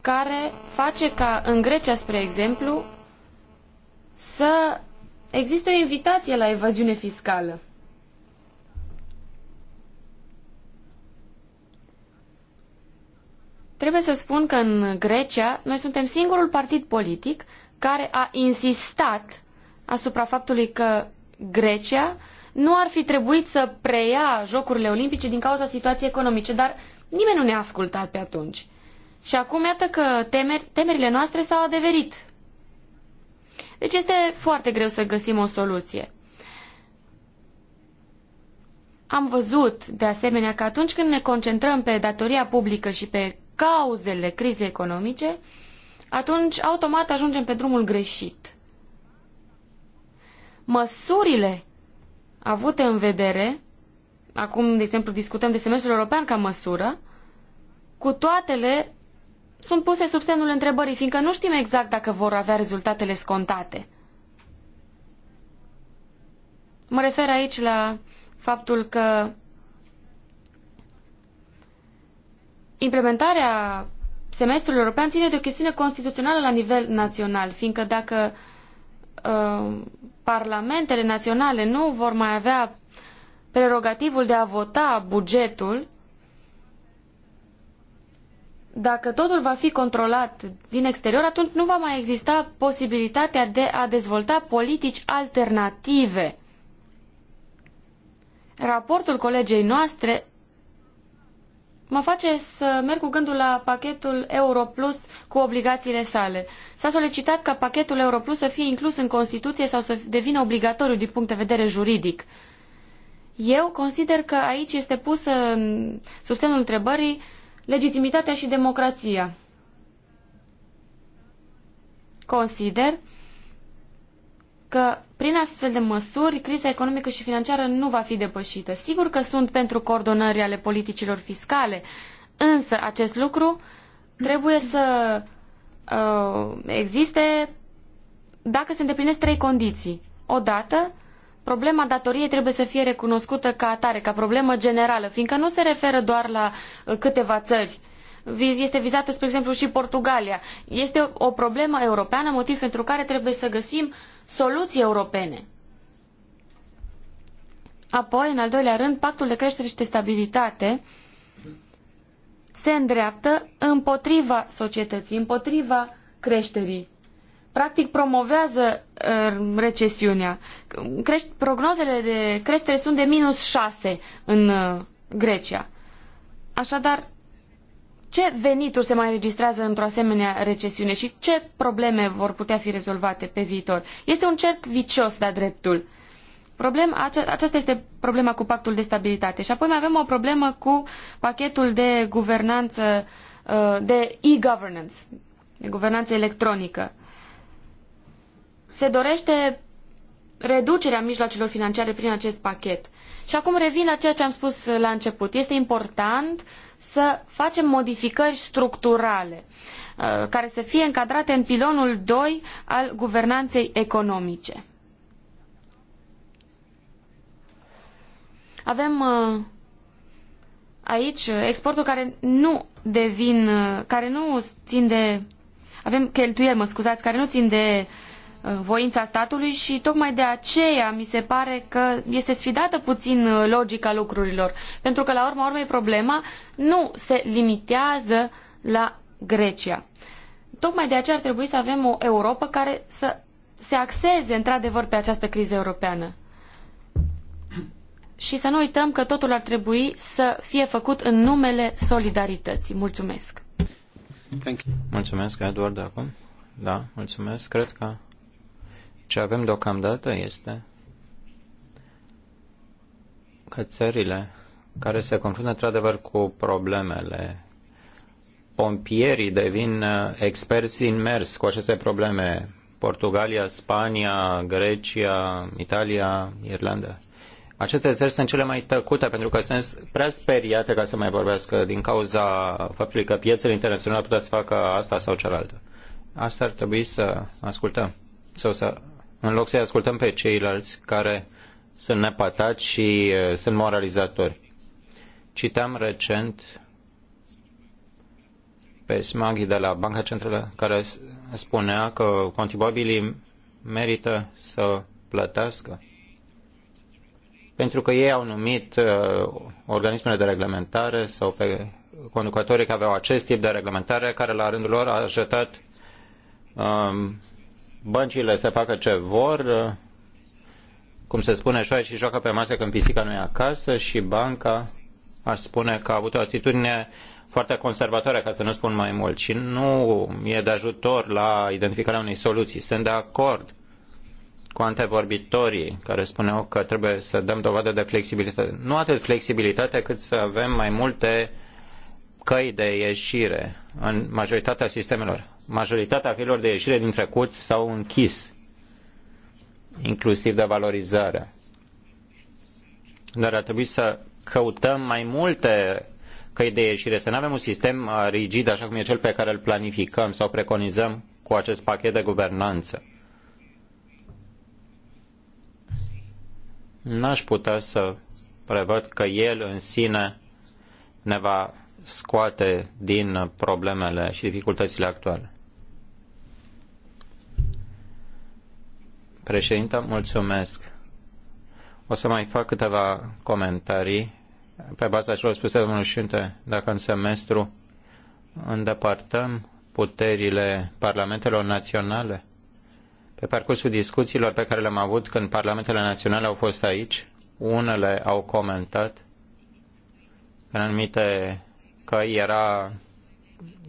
B: care face ca în Grecia, spre exemplu, să există o invitație la evaziune fiscală. Trebuie să spun că în Grecia noi suntem singurul partid politic care a insistat asupra faptului că Grecia nu ar fi trebuit să preia Jocurile Olimpice din cauza situației economice, dar nimeni nu ne-a ascultat pe atunci. Și acum iată că temer, temerile noastre s-au adeverit. Deci este foarte greu să găsim o soluție. Am văzut, de asemenea, că atunci când ne concentrăm pe datoria publică și pe cauzele crizei economice, atunci automat ajungem pe drumul greșit măsurile avute în vedere, acum, de exemplu, discutăm de semestrul european ca măsură, cu toatele sunt puse sub semnul întrebării, fiindcă nu știm exact dacă vor avea rezultatele scontate. Mă refer aici la faptul că implementarea semestrului european ține de o chestiune constituțională la nivel național, fiindcă dacă Uh, parlamentele naționale nu vor mai avea prerogativul de a vota bugetul, dacă totul va fi controlat din exterior, atunci nu va mai exista posibilitatea de a dezvolta politici alternative. Raportul colegei noastre mă face să merg cu gândul la pachetul Europlus cu obligațiile sale. S-a solicitat ca pachetul Europlus să fie inclus în Constituție sau să devină obligatoriu din punct de vedere juridic. Eu consider că aici este pusă sub semnul întrebării legitimitatea și democrația. Consider că prin astfel de măsuri, criza economică și financiară nu va fi depășită. Sigur că sunt pentru coordonări ale politicilor fiscale, însă acest lucru trebuie să uh, existe dacă se îndeplinesc trei condiții. Odată, problema datoriei trebuie să fie recunoscută ca atare, ca problemă generală, fiindcă nu se referă doar la uh, câteva țări. Este vizată, spre exemplu, și Portugalia. Este o problemă europeană, motiv pentru care trebuie să găsim uh, soluții europene. Apoi, în al doilea rând, pactul de creștere și de stabilitate se îndreaptă împotriva societății, împotriva creșterii. Practic promovează uh, recesiunea. prognozele de creștere sunt de minus 6 în uh, Grecia. Așadar, ce venituri se mai înregistrează într-o asemenea recesiune și ce probleme vor putea fi rezolvate pe viitor. Este un cerc vicios de-a dreptul. Problema, aceasta este problema cu pactul de stabilitate. Și apoi mai avem o problemă cu pachetul de guvernanță, uh, de e-governance, de guvernanță electronică. Se dorește reducerea mijloacelor financiare prin acest pachet. Și acum revin la ceea ce am spus la început. Este important uh, să facem modificări structurale uh, care să fie încadrate în pilonul 2 al guvernanței economice. Avem uh, aici exportul care nu devin, uh, care nu țin de, avem cheltuieli, mă scuzați, care nu țin de voința statului și tocmai de aceea mi se pare că este sfidată puțin uh, logica lucrurilor, pentru că la urma urmei problema nu se limitează la Grecia. Tocmai de aceea ar trebui să avem o Europa care să se axeze într-adevăr pe această criză europeană. Și să nu uităm că totul ar trebui să fie făcut în numele solidarității. Mulțumesc!
C: Mulțumesc, Eduard, acum. Da, mulțumesc. Cred că ce avem deocamdată este că țările care se confruntă într-adevăr cu problemele pompierii devin uh, experți în mers cu aceste probleme. Portugalia, Spania, Grecia, Italia, Irlanda. Aceste țări sunt cele mai tăcute pentru că sunt prea speriate ca să mai vorbească din cauza faptului că piețele internaționale putea să facă asta sau cealaltă. Asta ar trebui să ascultăm sau să în loc să-i ascultăm pe ceilalți care sunt nepătați și sunt moralizatori. Citeam recent pe Smaghi de la Banca Centrală care spunea că contribuabilii merită să plătească pentru că ei au numit organismele de reglementare sau pe conducătorii care aveau acest tip de reglementare care la rândul lor a ajutat uh, băncile să facă ce vor, cum se spune, șoaie și joacă pe masă când pisica nu e acasă și banca, aș spune că a avut o atitudine foarte conservatoare, ca să nu spun mai mult, și nu e de ajutor la identificarea unei soluții. Sunt de acord cu antevorbitorii care spuneau că trebuie să dăm dovadă de flexibilitate. Nu atât flexibilitate cât să avem mai multe uh, căi de ieșire în majoritatea sistemelor. Majoritatea căilor de ieșire din trecut s-au închis, inclusiv de valorizare. Dar ar trebui să căutăm mai multe căi de ieșire, să nu avem un sistem uh, rigid așa cum e cel pe care îl planificăm sau preconizăm cu acest pachet de guvernanță. N-aș putea să prevăd că el în sine ne va scoate din problemele și dificultățile actuale. Președinte, mulțumesc. O să mai fac câteva comentarii pe baza celor spuse domnul Șinte, dacă în semestru îndepărtăm puterile parlamentelor naționale, pe parcursul discuțiilor pe care le-am avut când parlamentele naționale au fost aici, unele au comentat în anumite că era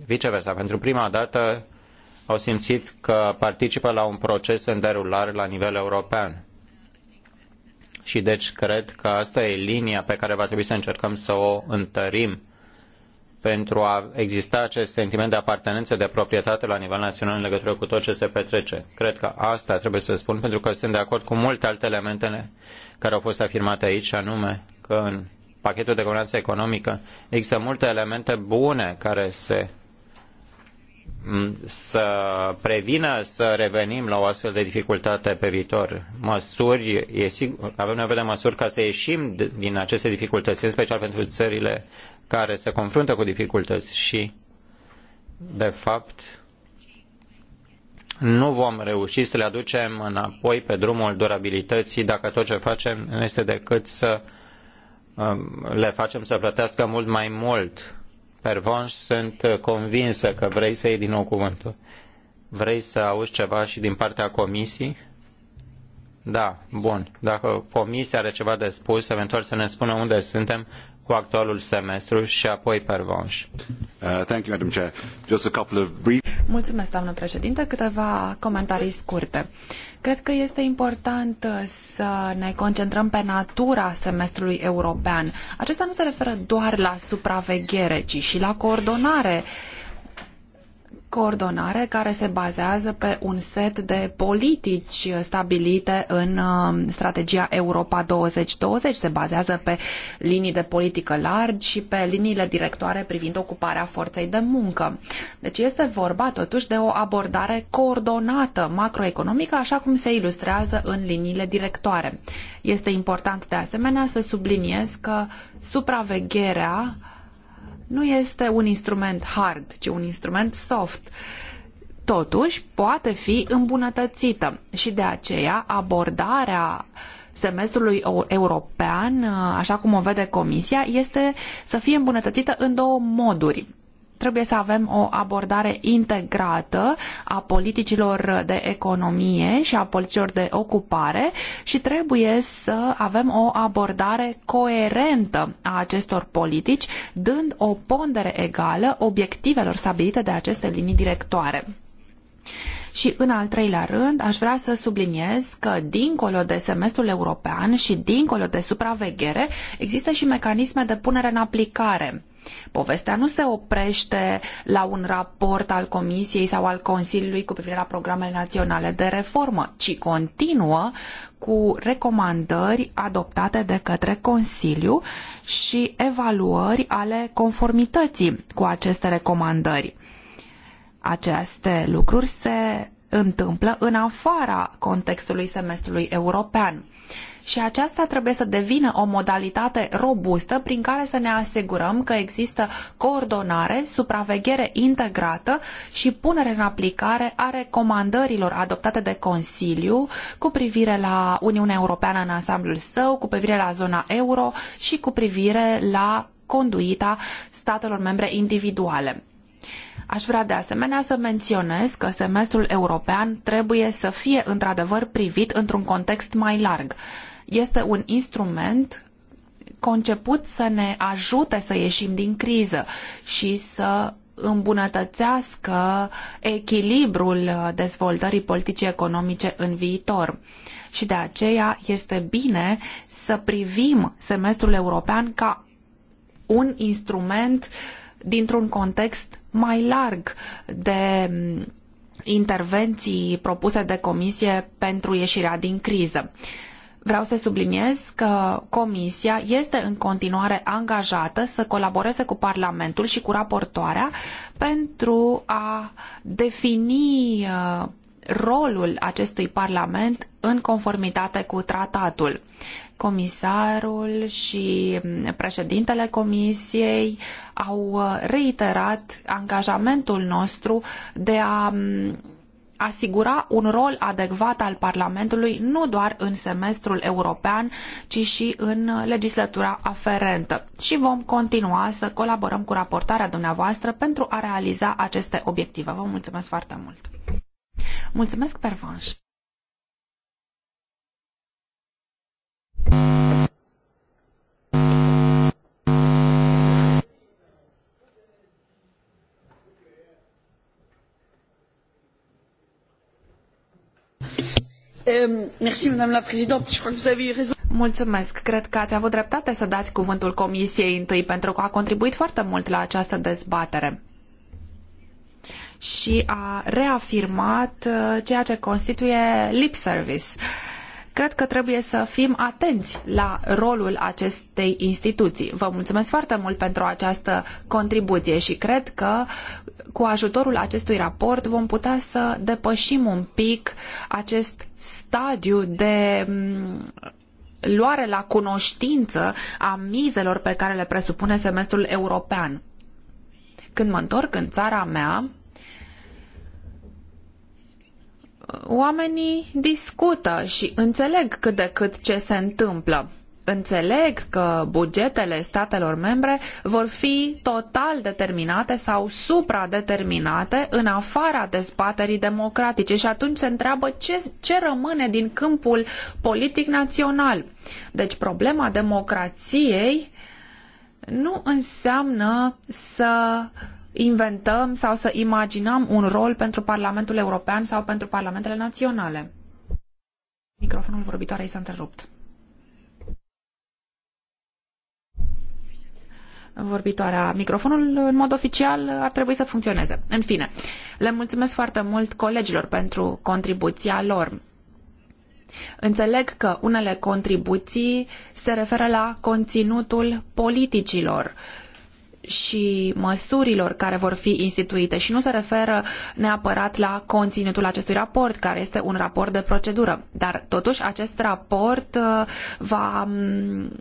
C: viceversa. Pentru prima dată au simțit că participă la un proces în derulare la nivel european. Și deci cred că asta e linia pe care va trebui să încercăm să o întărim pentru a exista acest sentiment de apartenență, de proprietate la nivel național în legătură cu tot ce se petrece. Cred că asta trebuie să spun, pentru că sunt de acord cu multe alte elemente care au fost afirmate aici, anume că în pachetul de guvernanță economică, există multe elemente bune care se să prevină să revenim la o astfel de dificultate pe viitor. Măsuri, e sigur, avem nevoie de măsuri ca să ieșim din aceste dificultăți, în special pentru țările care se confruntă cu dificultăți și, de fapt, nu vom reuși să le aducem înapoi pe drumul durabilității dacă tot ce facem nu este decât să uh, Um, le facem să plătească mult mai mult. Pervonș, sunt convinsă că vrei să iei din nou cuvântul. Vrei să auzi ceva și din partea comisiei? Da, bun. Dacă comisia are ceva de spus, eventual să ne spună unde suntem cu actualul semestru și apoi pervanș. Uh, thank you, Madam Chair. Just a couple of brief...
A: Mulțumesc, doamnă președinte. Câteva comentarii scurte. Cred că este important uh, să ne concentrăm pe natura semestrului european. Acesta nu se referă doar la supraveghere, ci și la coordonare coordonare care se bazează pe un set de politici stabilite în um, strategia Europa 2020, se bazează pe linii de politică largi și pe liniile directoare privind ocuparea forței de muncă. Deci este vorba totuși de o abordare coordonată macroeconomică, așa cum se ilustrează în liniile directoare. Este important de asemenea să subliniez că supravegherea nu este un instrument hard, ci un instrument soft. Totuși, poate fi îmbunătățită și de aceea abordarea semestrului european, așa cum o vede Comisia, este să fie îmbunătățită în două moduri trebuie să avem o abordare integrată a politicilor de economie și a politicilor de ocupare și trebuie să avem o abordare coerentă a acestor politici, dând o pondere egală obiectivelor stabilite de aceste linii directoare. Și în al treilea rând, aș vrea să subliniez că dincolo de semestrul european și dincolo de supraveghere, există și mecanisme de punere în aplicare Povestea nu se oprește la un raport al Comisiei sau al Consiliului cu privire la programele naționale de reformă, ci continuă cu recomandări adoptate de către Consiliu și evaluări ale conformității cu aceste recomandări. Aceste lucruri se întâmplă în afara contextului semestrului european. Și aceasta trebuie să devină o modalitate robustă prin care să ne asigurăm că există coordonare, supraveghere integrată și punere în aplicare a recomandărilor adoptate de Consiliu cu privire la Uniunea Europeană în ansamblul său, cu privire la zona euro și cu privire la conduita statelor membre individuale. Aș vrea de asemenea să menționez că semestrul european trebuie să fie într-adevăr privit într-un context mai larg. Este un instrument conceput să ne ajute să ieșim din criză și să îmbunătățească echilibrul dezvoltării politicii economice în viitor. Și de aceea este bine să privim semestrul european ca un instrument dintr-un context mai larg de mm, intervenții propuse de comisie pentru ieșirea din criză. Vreau să subliniez că Comisia este în continuare angajată să colaboreze cu Parlamentul și cu raportoarea pentru a defini uh, rolul acestui Parlament în conformitate cu tratatul. Comisarul și mm, președintele Comisiei au uh, reiterat angajamentul nostru de a mm, asigura un rol adecvat al Parlamentului nu doar în semestrul european, ci și în uh, legislatura aferentă. Și vom continua să colaborăm cu raportarea dumneavoastră pentru a realiza aceste obiective. Vă mulțumesc foarte mult! Mulțumesc, Pervanș! Eh, Mulțumesc. Cred că ați avut dreptate să dați cuvântul Comisiei întâi, pentru că a contribuit foarte mult la această dezbatere și a reafirmat uh, ceea ce constituie lip service. Cred că trebuie să fim atenți la rolul acestei instituții. Vă mulțumesc foarte mult pentru această contribuție și cred că cu ajutorul acestui raport vom putea să depășim un pic acest stadiu de mm, luare la cunoștință a mizelor pe care le presupune semestrul european. Când mă întorc în țara mea, oamenii discută și înțeleg cât de cât ce se întâmplă. Înțeleg că bugetele statelor membre vor fi total determinate sau supra determinate în afara dezbaterii democratice și atunci se întreabă ce, ce rămâne din câmpul politic național. Deci problema democrației nu înseamnă să inventăm sau să imaginăm un rol pentru Parlamentul European sau pentru Parlamentele Naționale. Microfonul vorbitoarei s-a întrerupt. vorbitoarea. Microfonul, în mod oficial, ar trebui să funcționeze. În fine, le mulțumesc foarte mult colegilor pentru contribuția lor. Înțeleg că unele contribuții se referă la conținutul politicilor și măsurilor care vor fi instituite și nu se referă neapărat la conținutul acestui raport, care este un raport de procedură. Dar, totuși, acest raport uh, va mm,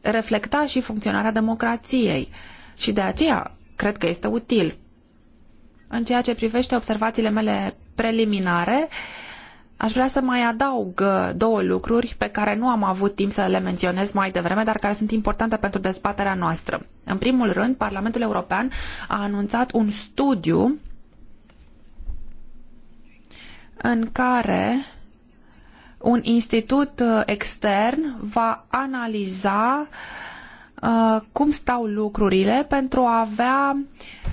A: reflecta și funcționarea democrației și de aceea cred că este util. În ceea ce privește observațiile mele preliminare, uh, Aș vrea să mai adaug uh, două lucruri pe care nu am avut timp să le menționez mai devreme, dar care sunt importante pentru dezbaterea noastră. În primul rând, Parlamentul European a anunțat un studiu în care un institut uh, extern va analiza uh, cum stau lucrurile pentru a avea uh,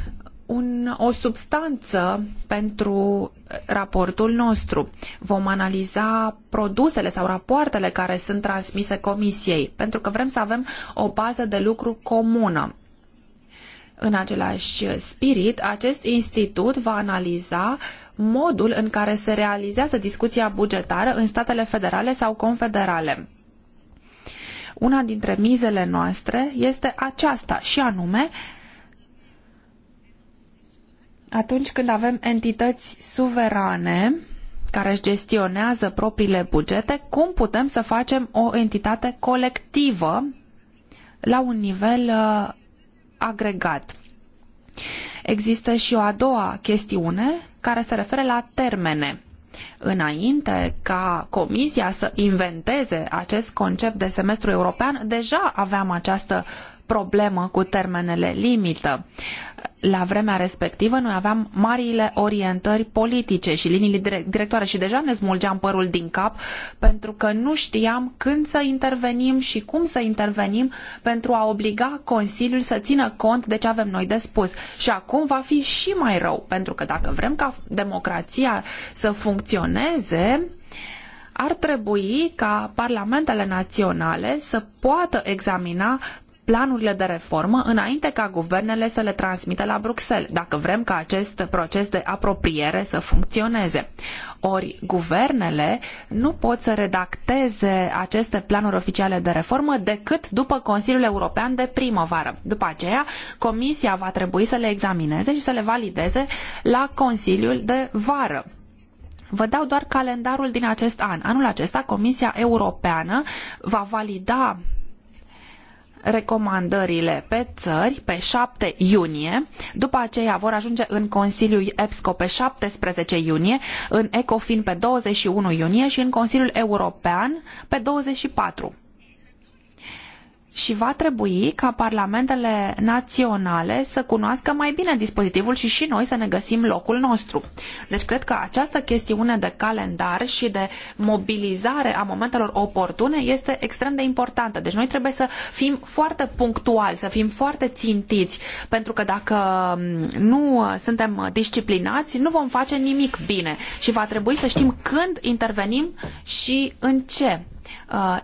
A: un, o substanță pentru raportul nostru. Vom analiza produsele sau rapoartele care sunt transmise comisiei, pentru că vrem să avem o bază de lucru comună. În același spirit, acest institut va analiza modul în care se realizează discuția bugetară în statele federale sau confederale. Una dintre mizele noastre este aceasta și anume atunci când avem entități suverane care își gestionează propriile bugete, cum putem să facem o entitate colectivă la un nivel uh, agregat. Există și o a doua chestiune care se referă la termene. Înainte ca Comisia să inventeze acest concept de semestru european, deja aveam această problemă cu termenele limită la vremea respectivă noi aveam marile orientări politice și liniile directoare și deja ne smulgeam părul din cap pentru că nu știam când să intervenim și cum să intervenim pentru a obliga Consiliul să țină cont de ce avem noi de spus. Și acum va fi și mai rău, pentru că dacă vrem ca democrația să funcționeze, ar trebui ca parlamentele naționale să poată examina planurile de reformă înainte ca guvernele să le transmită la Bruxelles, dacă vrem ca acest proces de apropiere să funcționeze. Ori guvernele nu pot să redacteze aceste planuri oficiale de reformă decât după Consiliul European de primăvară. După aceea, Comisia va trebui să le examineze și să le valideze la Consiliul de vară. Vă dau doar calendarul din acest an. Anul acesta, Comisia Europeană va valida recomandările pe țări pe 7 iunie, după aceea vor ajunge în Consiliul EPSCO pe 17 iunie, în ECOFIN pe 21 iunie și în Consiliul European pe 24 și va trebui ca parlamentele naționale să cunoască mai bine dispozitivul și și noi să ne găsim locul nostru. Deci cred că această chestiune de calendar și de mobilizare a momentelor oportune este extrem de importantă. Deci noi trebuie să fim foarte punctuali, să fim foarte țintiți, pentru că dacă mm, nu suntem disciplinați, nu vom face nimic bine și va trebui să știm când intervenim și în ce uh,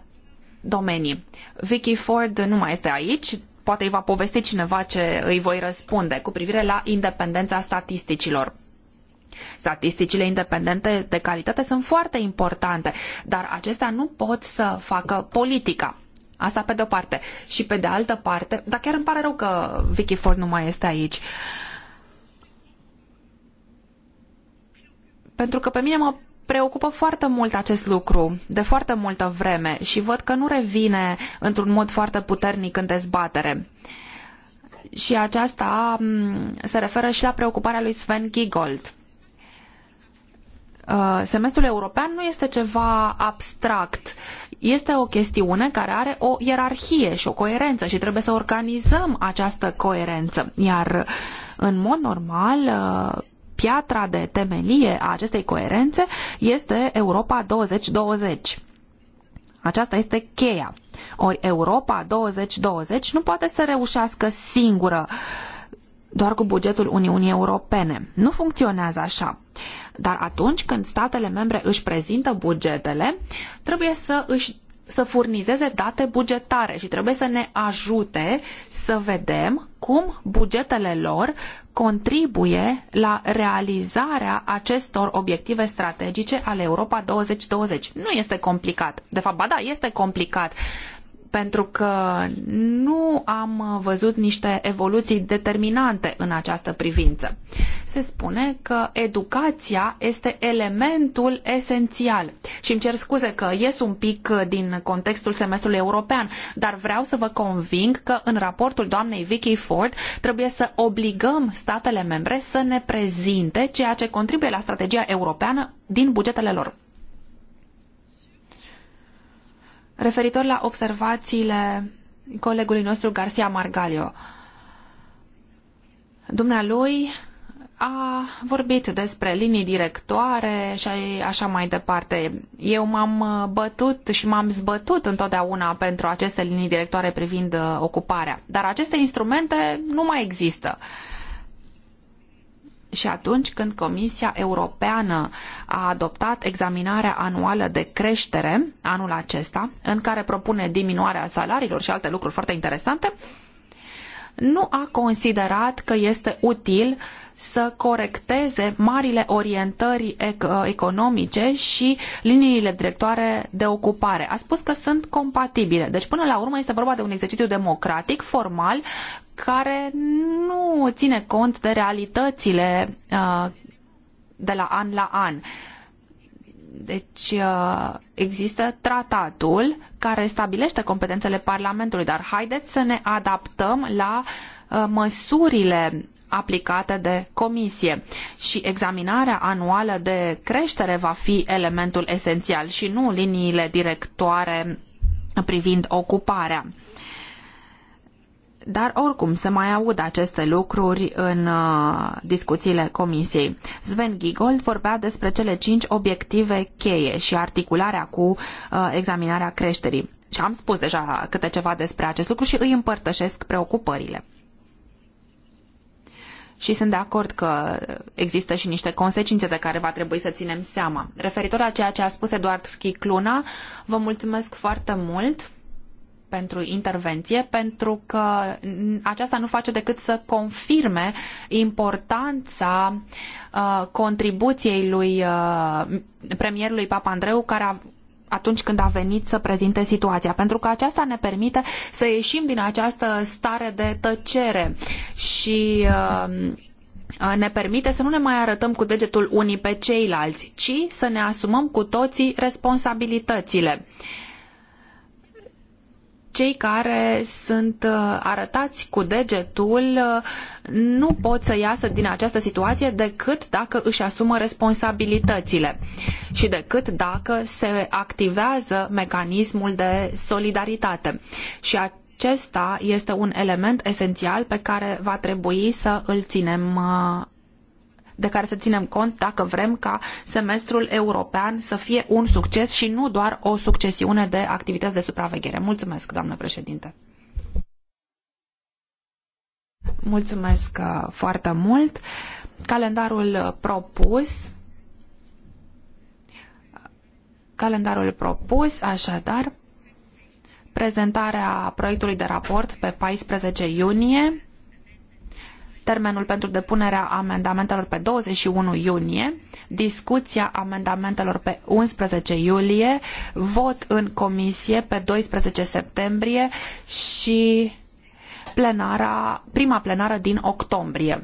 A: domenii. Vicky Ford nu mai este aici, poate îi va povesti cineva ce îi voi răspunde cu privire la independența statisticilor. Statisticile independente de calitate sunt foarte importante, dar acestea nu pot să facă politica. Asta pe de-o parte. Și pe de altă parte, dar chiar îmi pare rău că Vicky Ford nu mai este aici. Pentru că pe mine mă preocupă foarte mult acest lucru de foarte multă vreme și văd că nu revine într-un mod foarte puternic în dezbatere. Și aceasta se referă și la preocuparea lui Sven Giegold. Uh, semestrul european nu este ceva abstract. Este o chestiune care are o ierarhie și o coerență și trebuie să organizăm această coerență. Iar, în mod normal, uh, piatra de temelie a acestei coerențe este Europa 2020. Aceasta este cheia. Ori Europa 2020 nu poate să reușească singură doar cu bugetul Uniunii Europene. Nu funcționează așa. Dar atunci când statele membre își prezintă bugetele, trebuie să își să furnizeze date bugetare și trebuie să ne ajute să vedem cum bugetele lor contribuie la realizarea acestor obiective strategice ale Europa 2020. Nu este complicat. De fapt, ba da, este complicat, pentru că nu am văzut niște evoluții determinante în această privință. Se spune că educația este elementul esențial. Și îmi cer scuze că ies un pic din contextul semestrului european, dar vreau să vă conving că în raportul doamnei Vicky Ford trebuie să obligăm statele membre să ne prezinte ceea ce contribuie la strategia europeană din bugetele lor. referitor la observațiile colegului nostru Garcia Margalio. Dumnealui a vorbit despre linii directoare și așa mai departe. Eu m-am bătut și m-am zbătut întotdeauna pentru aceste linii directoare privind uh, ocuparea, dar aceste instrumente nu mai există. Uh, și atunci când Comisia Europeană a adoptat examinarea anuală de creștere anul acesta, în care propune diminuarea salariilor și alte lucruri foarte interesante, nu a considerat că este util să corecteze marile orientări economice și liniile directoare de ocupare. A spus că sunt compatibile. Deci, până la urmă, este vorba de un exercițiu democratic, formal, care nu ține cont de realitățile uh, de la an la an. Deci uh, există tratatul care stabilește competențele Parlamentului, dar haideți să ne adaptăm la uh, măsurile aplicate de comisie și examinarea anuală de creștere va fi elementul esențial și nu liniile directoare privind ocuparea. Dar oricum se mai aud aceste lucruri în uh, discuțiile comisiei. Sven Giegold vorbea despre cele cinci obiective cheie și articularea cu uh, examinarea creșterii. Și am spus deja câte ceva despre acest lucru și îi împărtășesc preocupările și sunt de acord că există și niște consecințe de care va trebui să ținem seama. Referitor la ceea ce a spus Eduard Schicluna, vă mulțumesc foarte mult pentru intervenție, pentru că aceasta nu face decât să confirme importanța uh, contribuției lui uh, premierului Papandreu, care a atunci când a venit să prezinte situația, pentru că aceasta ne permite să ieșim din această stare de tăcere și uh, ne permite să nu ne mai arătăm cu degetul unii pe ceilalți, ci să ne asumăm cu toții responsabilitățile. Uh, cei care sunt uh, arătați cu degetul uh, nu pot să iasă din această situație decât dacă își asumă responsabilitățile și decât dacă se activează mecanismul de solidaritate. Și acesta este un element esențial pe care va trebui să îl ținem uh, de care să ținem cont dacă vrem ca semestrul european să fie un succes și nu doar o succesiune de activități de supraveghere. Mulțumesc, doamnă președinte. Mulțumesc uh, foarte mult. Calendarul propus calendarul propus, așadar, prezentarea proiectului de raport pe 14 iunie, termenul pentru depunerea amendamentelor pe 21 iunie, discuția amendamentelor pe 11 iulie, vot în comisie pe 12 septembrie și plenara, prima plenară din octombrie.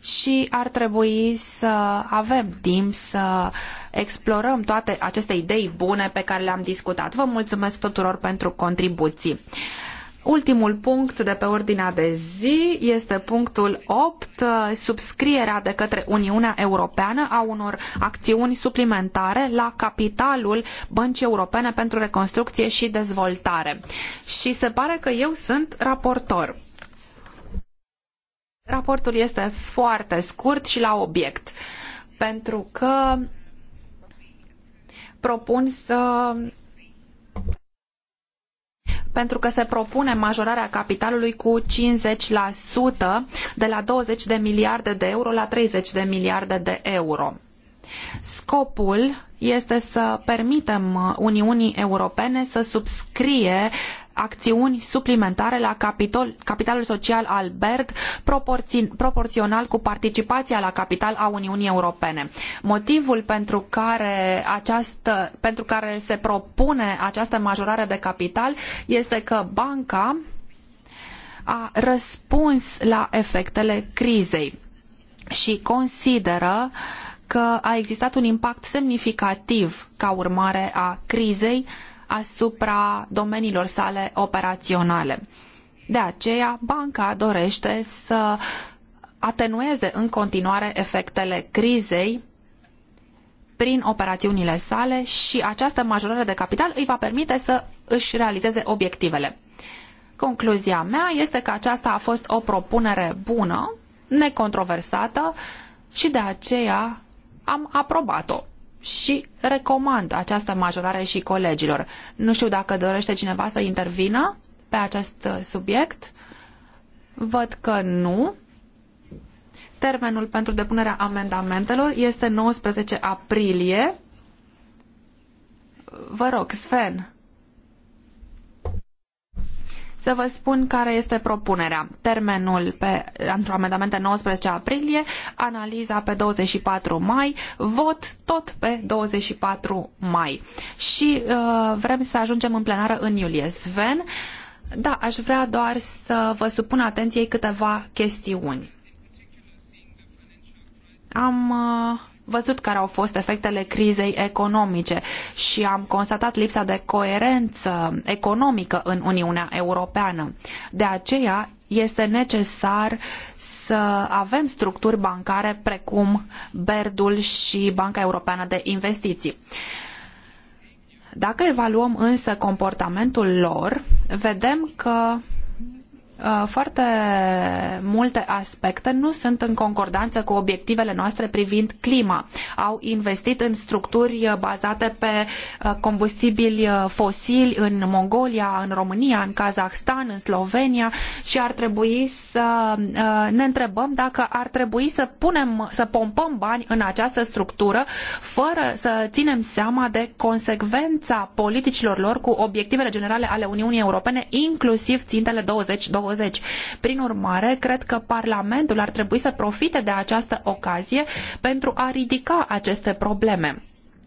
A: Și ar trebui să avem timp să explorăm toate aceste idei bune pe care le-am discutat. Vă mulțumesc tuturor pentru contribuții. Ultimul punct de pe ordinea de zi este punctul 8, subscrierea de către Uniunea Europeană a unor acțiuni suplimentare la capitalul Băncii Europene pentru Reconstrucție și Dezvoltare. Și se pare că eu sunt raportor. Raportul este foarte scurt și la obiect, pentru că propun să pentru că se propune majorarea capitalului cu 50% de la 20 de miliarde de euro la 30 de miliarde de euro. Scopul este să permitem uh, Uniunii Europene să subscrie acțiuni suplimentare la capitol, capitalul social al BERD proporțional cu participația la capital a Uniunii Europene. Motivul pentru care, această, pentru care se propune această majorare de capital este că banca a răspuns la efectele crizei și consideră uh, că a existat un impact semnificativ ca urmare a crizei asupra domeniilor sale operaționale. De aceea, banca dorește să atenueze în continuare efectele crizei prin operațiunile sale și această majorare de capital îi va permite să își realizeze obiectivele. Concluzia mea este că aceasta a fost o propunere bună, necontroversată și de aceea am aprobat-o și recomand această majorare și colegilor. Nu știu dacă dorește cineva să intervină pe acest subiect. Văd că nu. Termenul pentru depunerea amendamentelor este 19 aprilie. Vă rog, Sven, să vă spun care este propunerea. Termenul pentru amendamente 19 aprilie, analiza pe 24 mai, vot tot pe 24 mai. Și uh, vrem să ajungem în plenară în iulie. Sven, da, aș vrea doar să vă supun atenției câteva chestiuni. Am... Uh, văzut care au fost efectele crizei economice și am constatat lipsa de coerență economică în Uniunea Europeană. De aceea este necesar să avem structuri bancare precum Berdul și Banca Europeană de Investiții. Dacă evaluăm însă comportamentul lor, vedem că Uh, foarte multe aspecte nu sunt în concordanță cu obiectivele noastre privind clima. Au investit în structuri uh, bazate pe uh, combustibili fosili în Mongolia, în România, în Kazahstan, în Slovenia și ar trebui să ne întrebăm dacă ar trebui să punem, să pompăm bani în această structură fără să ținem seama de consecvența politicilor lor cu obiectivele generale ale Uniunii Europene, inclusiv țintele 2020. 2020. Prin urmare, cred că Parlamentul ar trebui să profite de această ocazie pentru a ridica aceste probleme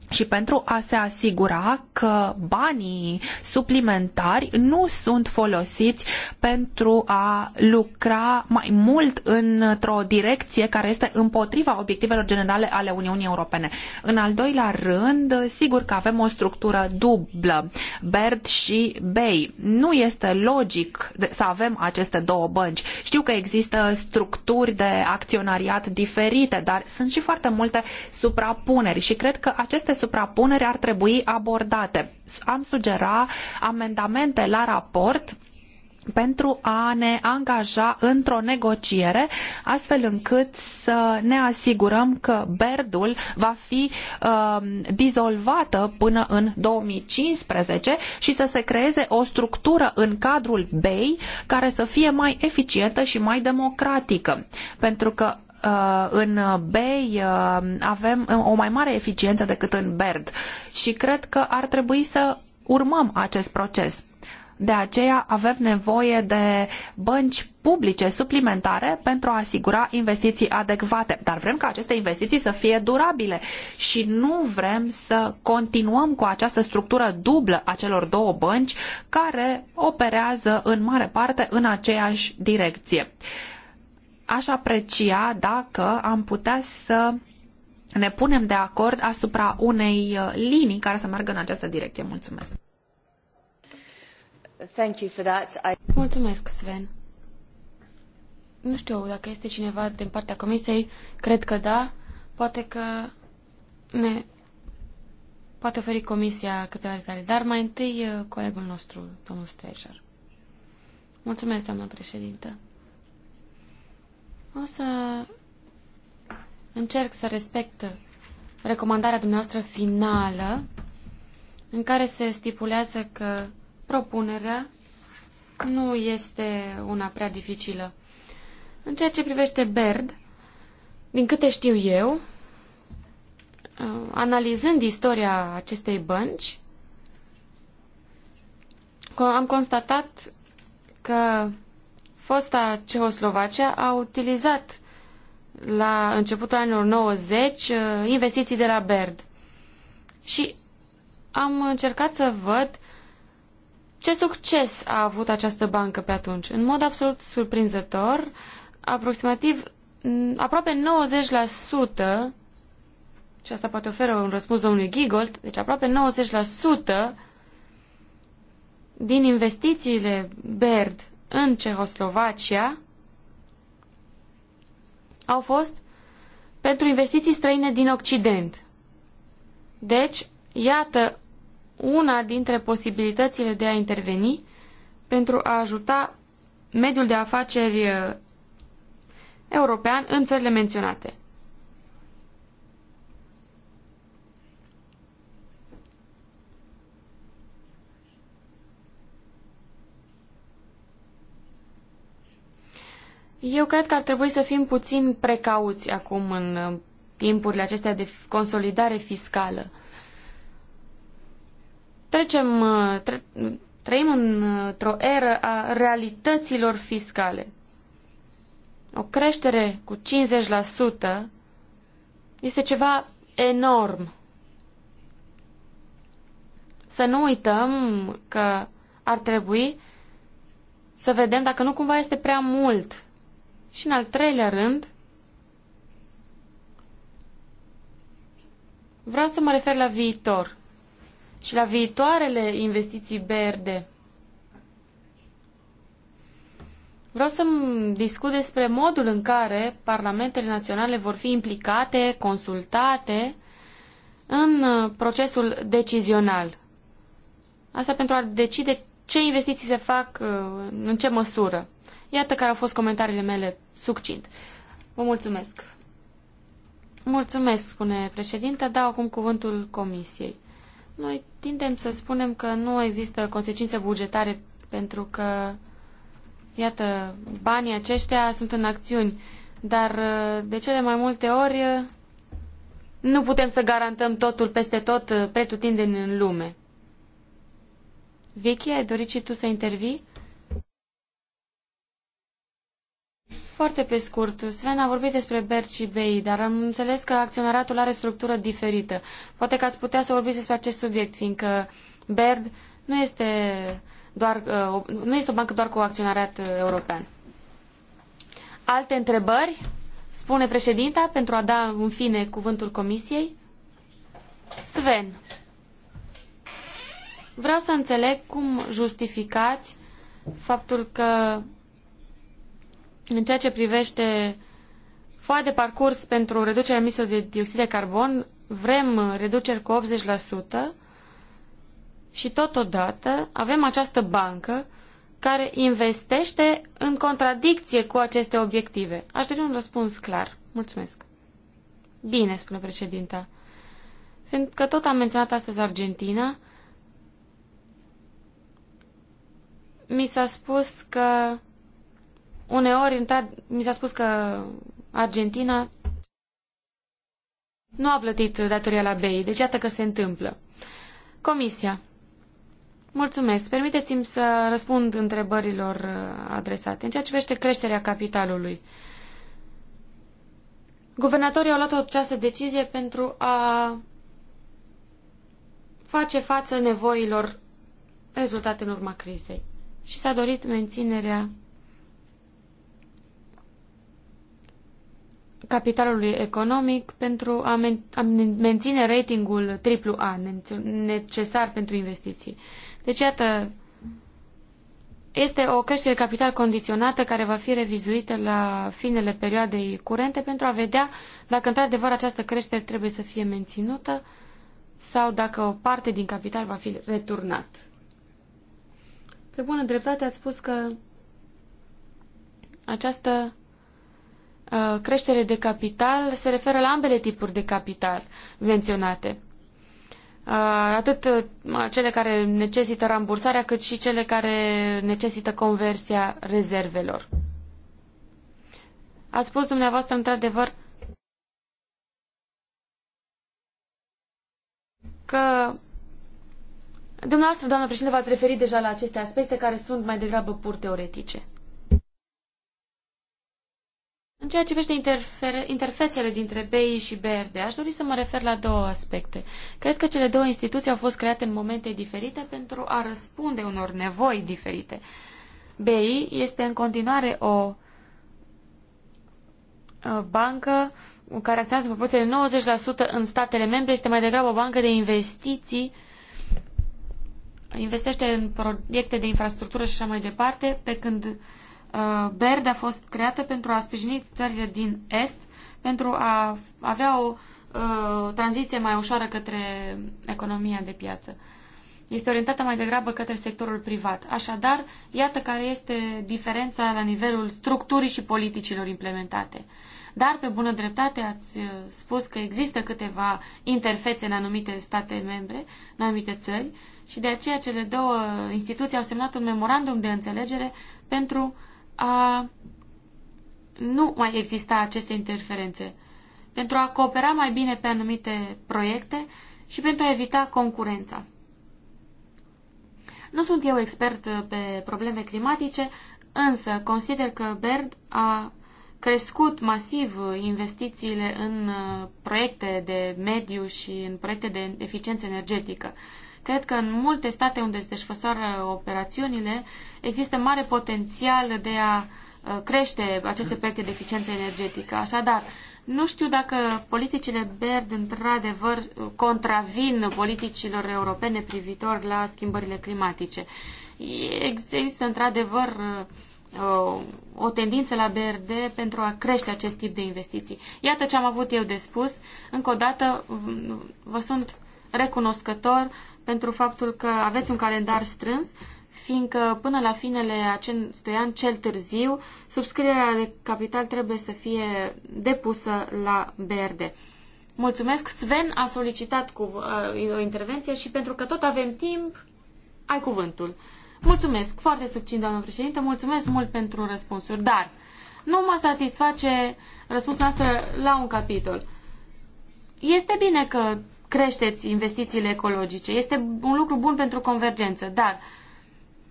A: și pentru a se asigura că banii suplimentari nu sunt folosiți pentru a lucra mai mult într-o direcție care este împotriva obiectivelor generale ale Uniunii Europene. În al doilea rând, sigur că avem o structură dublă, BERD și BEI. Nu este logic să avem aceste două bănci. Știu că există structuri de acționariat diferite, dar sunt și foarte multe suprapuneri și cred că aceste suprapuneri ar trebui abordate. Am sugera amendamente la raport pentru a ne angaja într-o negociere, astfel încât să ne asigurăm că Berdul va fi uh, dizolvată până în 2015 și să se creeze o structură în cadrul BEI care să fie mai eficientă și mai democratică. Pentru că Uh, în BEI uh, avem uh, o mai mare eficiență decât în BERD și cred că ar trebui să urmăm acest proces. De aceea avem nevoie de bănci publice suplimentare pentru a asigura investiții adecvate. Dar vrem ca aceste investiții să fie durabile și nu vrem să continuăm cu această structură dublă a celor două bănci care operează în mare parte în aceeași direcție aș aprecia dacă am putea să ne punem de acord asupra unei uh, linii care să meargă în această direcție. Mulțumesc!
B: Thank you for that. I... Mulțumesc, Sven. Nu știu dacă este cineva din partea comisiei. Cred că da. Poate că ne poate oferi comisia câteva detalii. Dar mai întâi uh, colegul nostru, domnul Streșar. Mulțumesc, doamna președintă. O să încerc să respect recomandarea dumneavoastră finală în care se stipulează că propunerea nu este una prea dificilă. În ceea ce privește Baird, din câte știu eu, uh, analizând istoria acestei bănci, am constatat că fosta Cehoslovacia a utilizat la începutul anilor 90 uh, investiții de la BERD. Și am încercat să văd ce succes a avut această bancă pe atunci. În mod absolut surprinzător, aproximativ mm, aproape 90% și asta poate oferă un răspuns domnului Gigold, deci aproape 90% din investițiile BERD în Cehoslovacia au fost pentru investiții străine din Occident. Deci, iată una dintre posibilitățile de a interveni pentru a ajuta mediul de afaceri eh, european în țările menționate. Eu cred că ar trebui să fim puțin precauți acum în uh, timpurile acestea de consolidare fiscală. Trecem, uh, tre- trăim într-o eră a realităților fiscale. O creștere cu 50% este ceva enorm. Să nu uităm că ar trebui să vedem dacă nu cumva este prea mult și în al treilea rând, vreau să mă refer la viitor și la viitoarele investiții BRD. Vreau să discut despre modul în care parlamentele naționale vor fi implicate, consultate în uh, procesul decizional. Asta pentru a decide ce investiții se fac, uh, în ce măsură. Iată care au fost comentariile mele succint. Vă mulțumesc. Mulțumesc, spune președinte. Dau acum cuvântul comisiei. Noi tindem să spunem că nu există consecințe bugetare pentru că, iată, banii aceștia sunt în acțiuni, dar de cele mai multe ori nu putem să garantăm totul peste tot pretutindeni în lume. Vicky, ai dorit și tu să intervii? Foarte pe scurt, Sven a vorbit despre BERT și BEI, dar am înțeles că acționaratul are structură diferită. Poate că ați putea să vorbiți despre acest subiect, fiindcă BERD nu este, doar, uh, nu este o bancă doar cu acționariat uh, european. Alte întrebări? Spune președinta pentru a da în fine cuvântul comisiei. Sven, vreau să înțeleg cum justificați faptul că în ceea ce privește foaia de parcurs pentru reducerea emisiilor de dioxid de carbon, vrem reduceri cu 80% și totodată avem această bancă care investește în contradicție cu aceste obiective. Aș dori un răspuns clar. Mulțumesc. Bine, spune președinta. Fiindcă tot am menționat astăzi Argentina, mi s-a spus că Uneori mi s-a spus că Argentina nu a plătit datoria la BEI, deci iată că se întâmplă. Comisia. Mulțumesc. Permiteți-mi să răspund întrebărilor uh, adresate. În ceea ce vește creșterea capitalului. Guvernatorii au luat o această decizie pentru a face față nevoilor rezultate în urma crizei. Și s-a dorit menținerea capitalului economic pentru a, men a menține ratingul AAA necesar pentru investiții. Deci, iată, este o creștere capital condiționată care va fi revizuită la finele perioadei curente pentru a vedea dacă într-adevăr această creștere trebuie să fie menținută sau dacă o parte din capital va fi returnat. Pe bună dreptate ați spus că această Uh, creștere de capital se referă la ambele tipuri de capital menționate. Uh, atât uh, cele care necesită rambursarea, cât și cele care necesită conversia rezervelor. A spus dumneavoastră, într-adevăr, că dumneavoastră, doamnă președinte, v-ați referit deja la aceste aspecte care sunt mai degrabă pur teoretice. În ceea ce privește interfețele dintre BI și BRD, aș dori să mă refer la două aspecte. Cred că cele două instituții au fost create în momente diferite pentru a răspunde unor nevoi diferite. BI este în continuare o bancă care acționează în proporție de 90% în statele membre, este mai degrabă o bancă de investiții, investește în proiecte de infrastructură și așa mai departe, pe când BERD uh, a fost creată pentru a sprijini țările din Est pentru a avea o uh, tranziție mai ușoară către economia de piață. Este orientată mai degrabă către sectorul privat. Așadar, iată care este diferența la nivelul structurii și politicilor implementate. Dar, pe bună dreptate, ați uh, spus că există câteva interfețe în anumite state membre, în anumite țări, și de aceea cele două instituții au semnat un memorandum de înțelegere pentru uh, a nu mai exista aceste interferențe, pentru a coopera mai bine pe anumite proiecte și pentru a evita concurența. Nu sunt eu expert pe probleme climatice, însă consider că BERD a crescut masiv investițiile în uh, proiecte de mediu și în proiecte de eficiență energetică. Cred că în multe state unde se desfășoară operațiunile există mare potențial de a uh, crește aceste proiecte de eficiență energetică. Așadar, nu știu dacă politicile BERD într-adevăr contravin politicilor europene privitor la schimbările climatice. Există într-adevăr uh, o tendință la BRD pentru a crește acest tip de investiții. Iată ce am avut eu de spus. Încă o dată vă sunt recunoscător pentru faptul că aveți un calendar strâns, fiindcă până la finele acestui an, cel târziu, subscrierea de capital trebuie să fie depusă la BRD. Mulțumesc. Sven a solicitat cu, uh, o intervenție și pentru că tot avem timp, ai cuvântul. Mulțumesc. Foarte subțin, doamnă președinte. Mulțumesc mult pentru răspunsuri, dar nu mă satisface răspunsul noastră la un capitol. Este bine că creșteți investițiile ecologice. Este un lucru bun pentru convergență, dar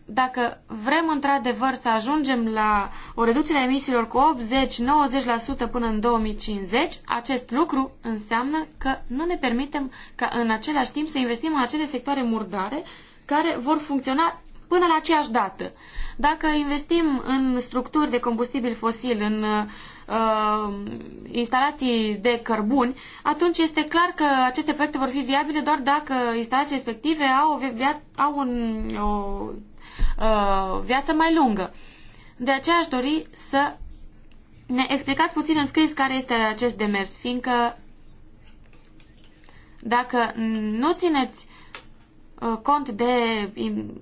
B: dacă vrem într-adevăr să ajungem la o reducere a emisiilor cu 80-90% până în 2050, acest lucru înseamnă că nu ne permitem ca în același timp să investim în acele sectoare murdare care vor funcționa până la aceeași dată. Dacă investim în structuri de combustibil fosil, în uh, uh, instalații de cărbuni, atunci este clar că aceste proiecte vor fi viabile doar dacă instalații respective au, o, au un, o uh, viață mai lungă. De aceea aș dori să ne explicați puțin în scris care este acest demers, fiindcă dacă nu țineți Uh, cont de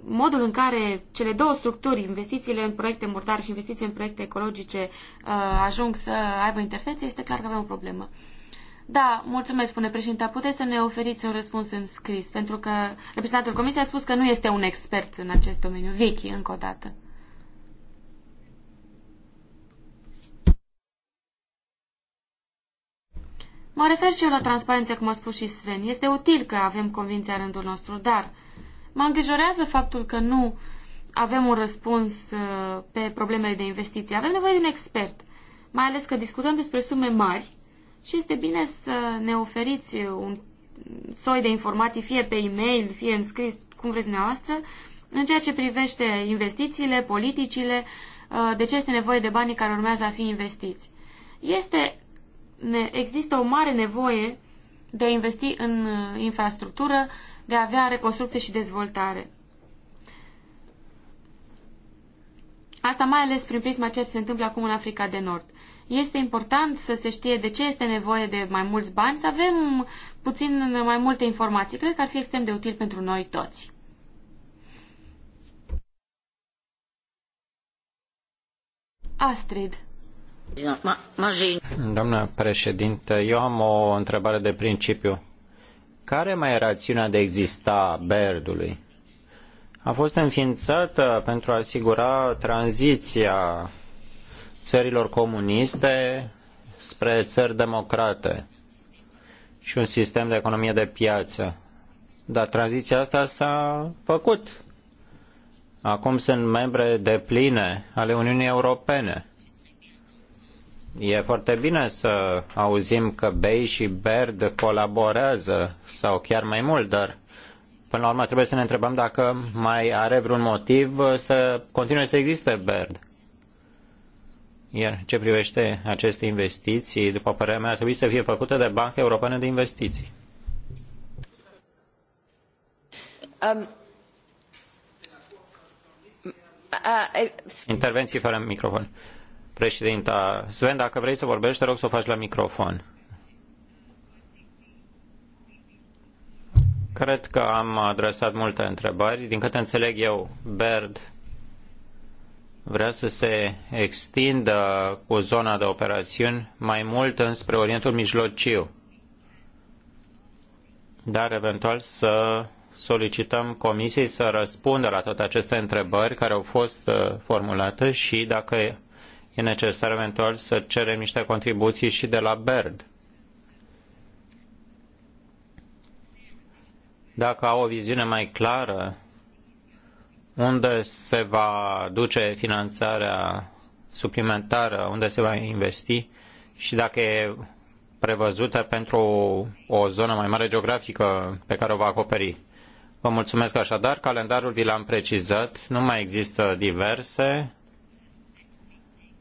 B: modul în care cele două structuri, investițiile în proiecte murdare și investiții în proiecte ecologice, uh, ajung să aibă interfețe, este clar că avem o problemă. Da, mulțumesc, spune președinta. Puteți să ne oferiți un răspuns în scris, pentru că reprezentantul Comisiei a spus că nu este un expert în acest domeniu. vechi, încă o dată. Mă refer și eu la transparență, cum a spus și Sven. Este util că avem convinția rândul nostru, dar mă îngrijorează faptul că nu avem un răspuns uh, pe problemele de investiții. Avem nevoie de un expert, mai ales că discutăm despre sume mari și este bine să ne oferiți un soi de informații, fie pe e-mail, fie în scris, cum vreți dumneavoastră, în ceea ce privește investițiile, politicile, uh, de ce este nevoie de banii care urmează a fi investiți. Este ne, există o mare nevoie de a investi în uh, infrastructură, de a avea reconstrucție și dezvoltare. Asta mai ales prin prisma ceea ce se întâmplă acum în Africa de Nord. Este important să se știe de ce este nevoie de mai mulți bani, să avem puțin mai multe informații. Cred că ar fi extrem de util pentru noi toți. Astrid
C: Doamnă președinte, eu am o întrebare de principiu. Care mai e rațiunea de exista Berdului? A fost înființată pentru a asigura tranziția țărilor comuniste spre țări democrate și un sistem de economie de piață. Dar tranziția asta s-a făcut. Acum sunt membre de pline ale Uniunii Europene E foarte bine să auzim că Bay și Baird colaborează sau chiar mai mult, dar până la urmă trebuie să ne întrebăm dacă mai are vreun motiv să continue să existe Baird. Iar ce privește aceste investiții, după părerea mea, ar trebui să fie făcute de Banca Europeană de Investiții.
A: Um, uh, uh
C: Intervenții fără microfon. Uh, Președinta, Sven, dacă vrei să vorbești, te rog să o faci la microfon. Cred că am adresat multe întrebări. Din câte înțeleg eu, BERD vrea să se extindă cu zona de operațiuni mai mult înspre Orientul Mijlociu, dar eventual să solicităm Comisiei să răspundă la toate aceste întrebări care au fost uh, formulate și dacă e necesar eventual să cerem niște contribuții și de la BERD. Dacă au o viziune mai clară unde se va duce finanțarea suplimentară, unde se va investi și dacă e prevăzută pentru o zonă mai mare geografică pe care o va acoperi. Vă mulțumesc așadar, calendarul vi l-am precizat, nu mai există diverse,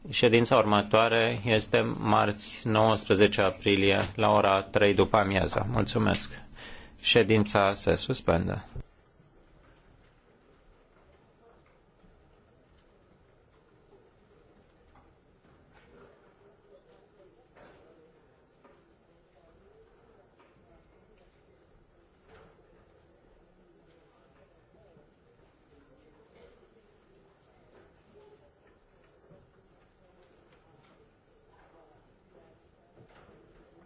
C: Ședința următoare este marți 19 aprilie la ora 3 după amiaza. Mulțumesc. Ședința se suspendă.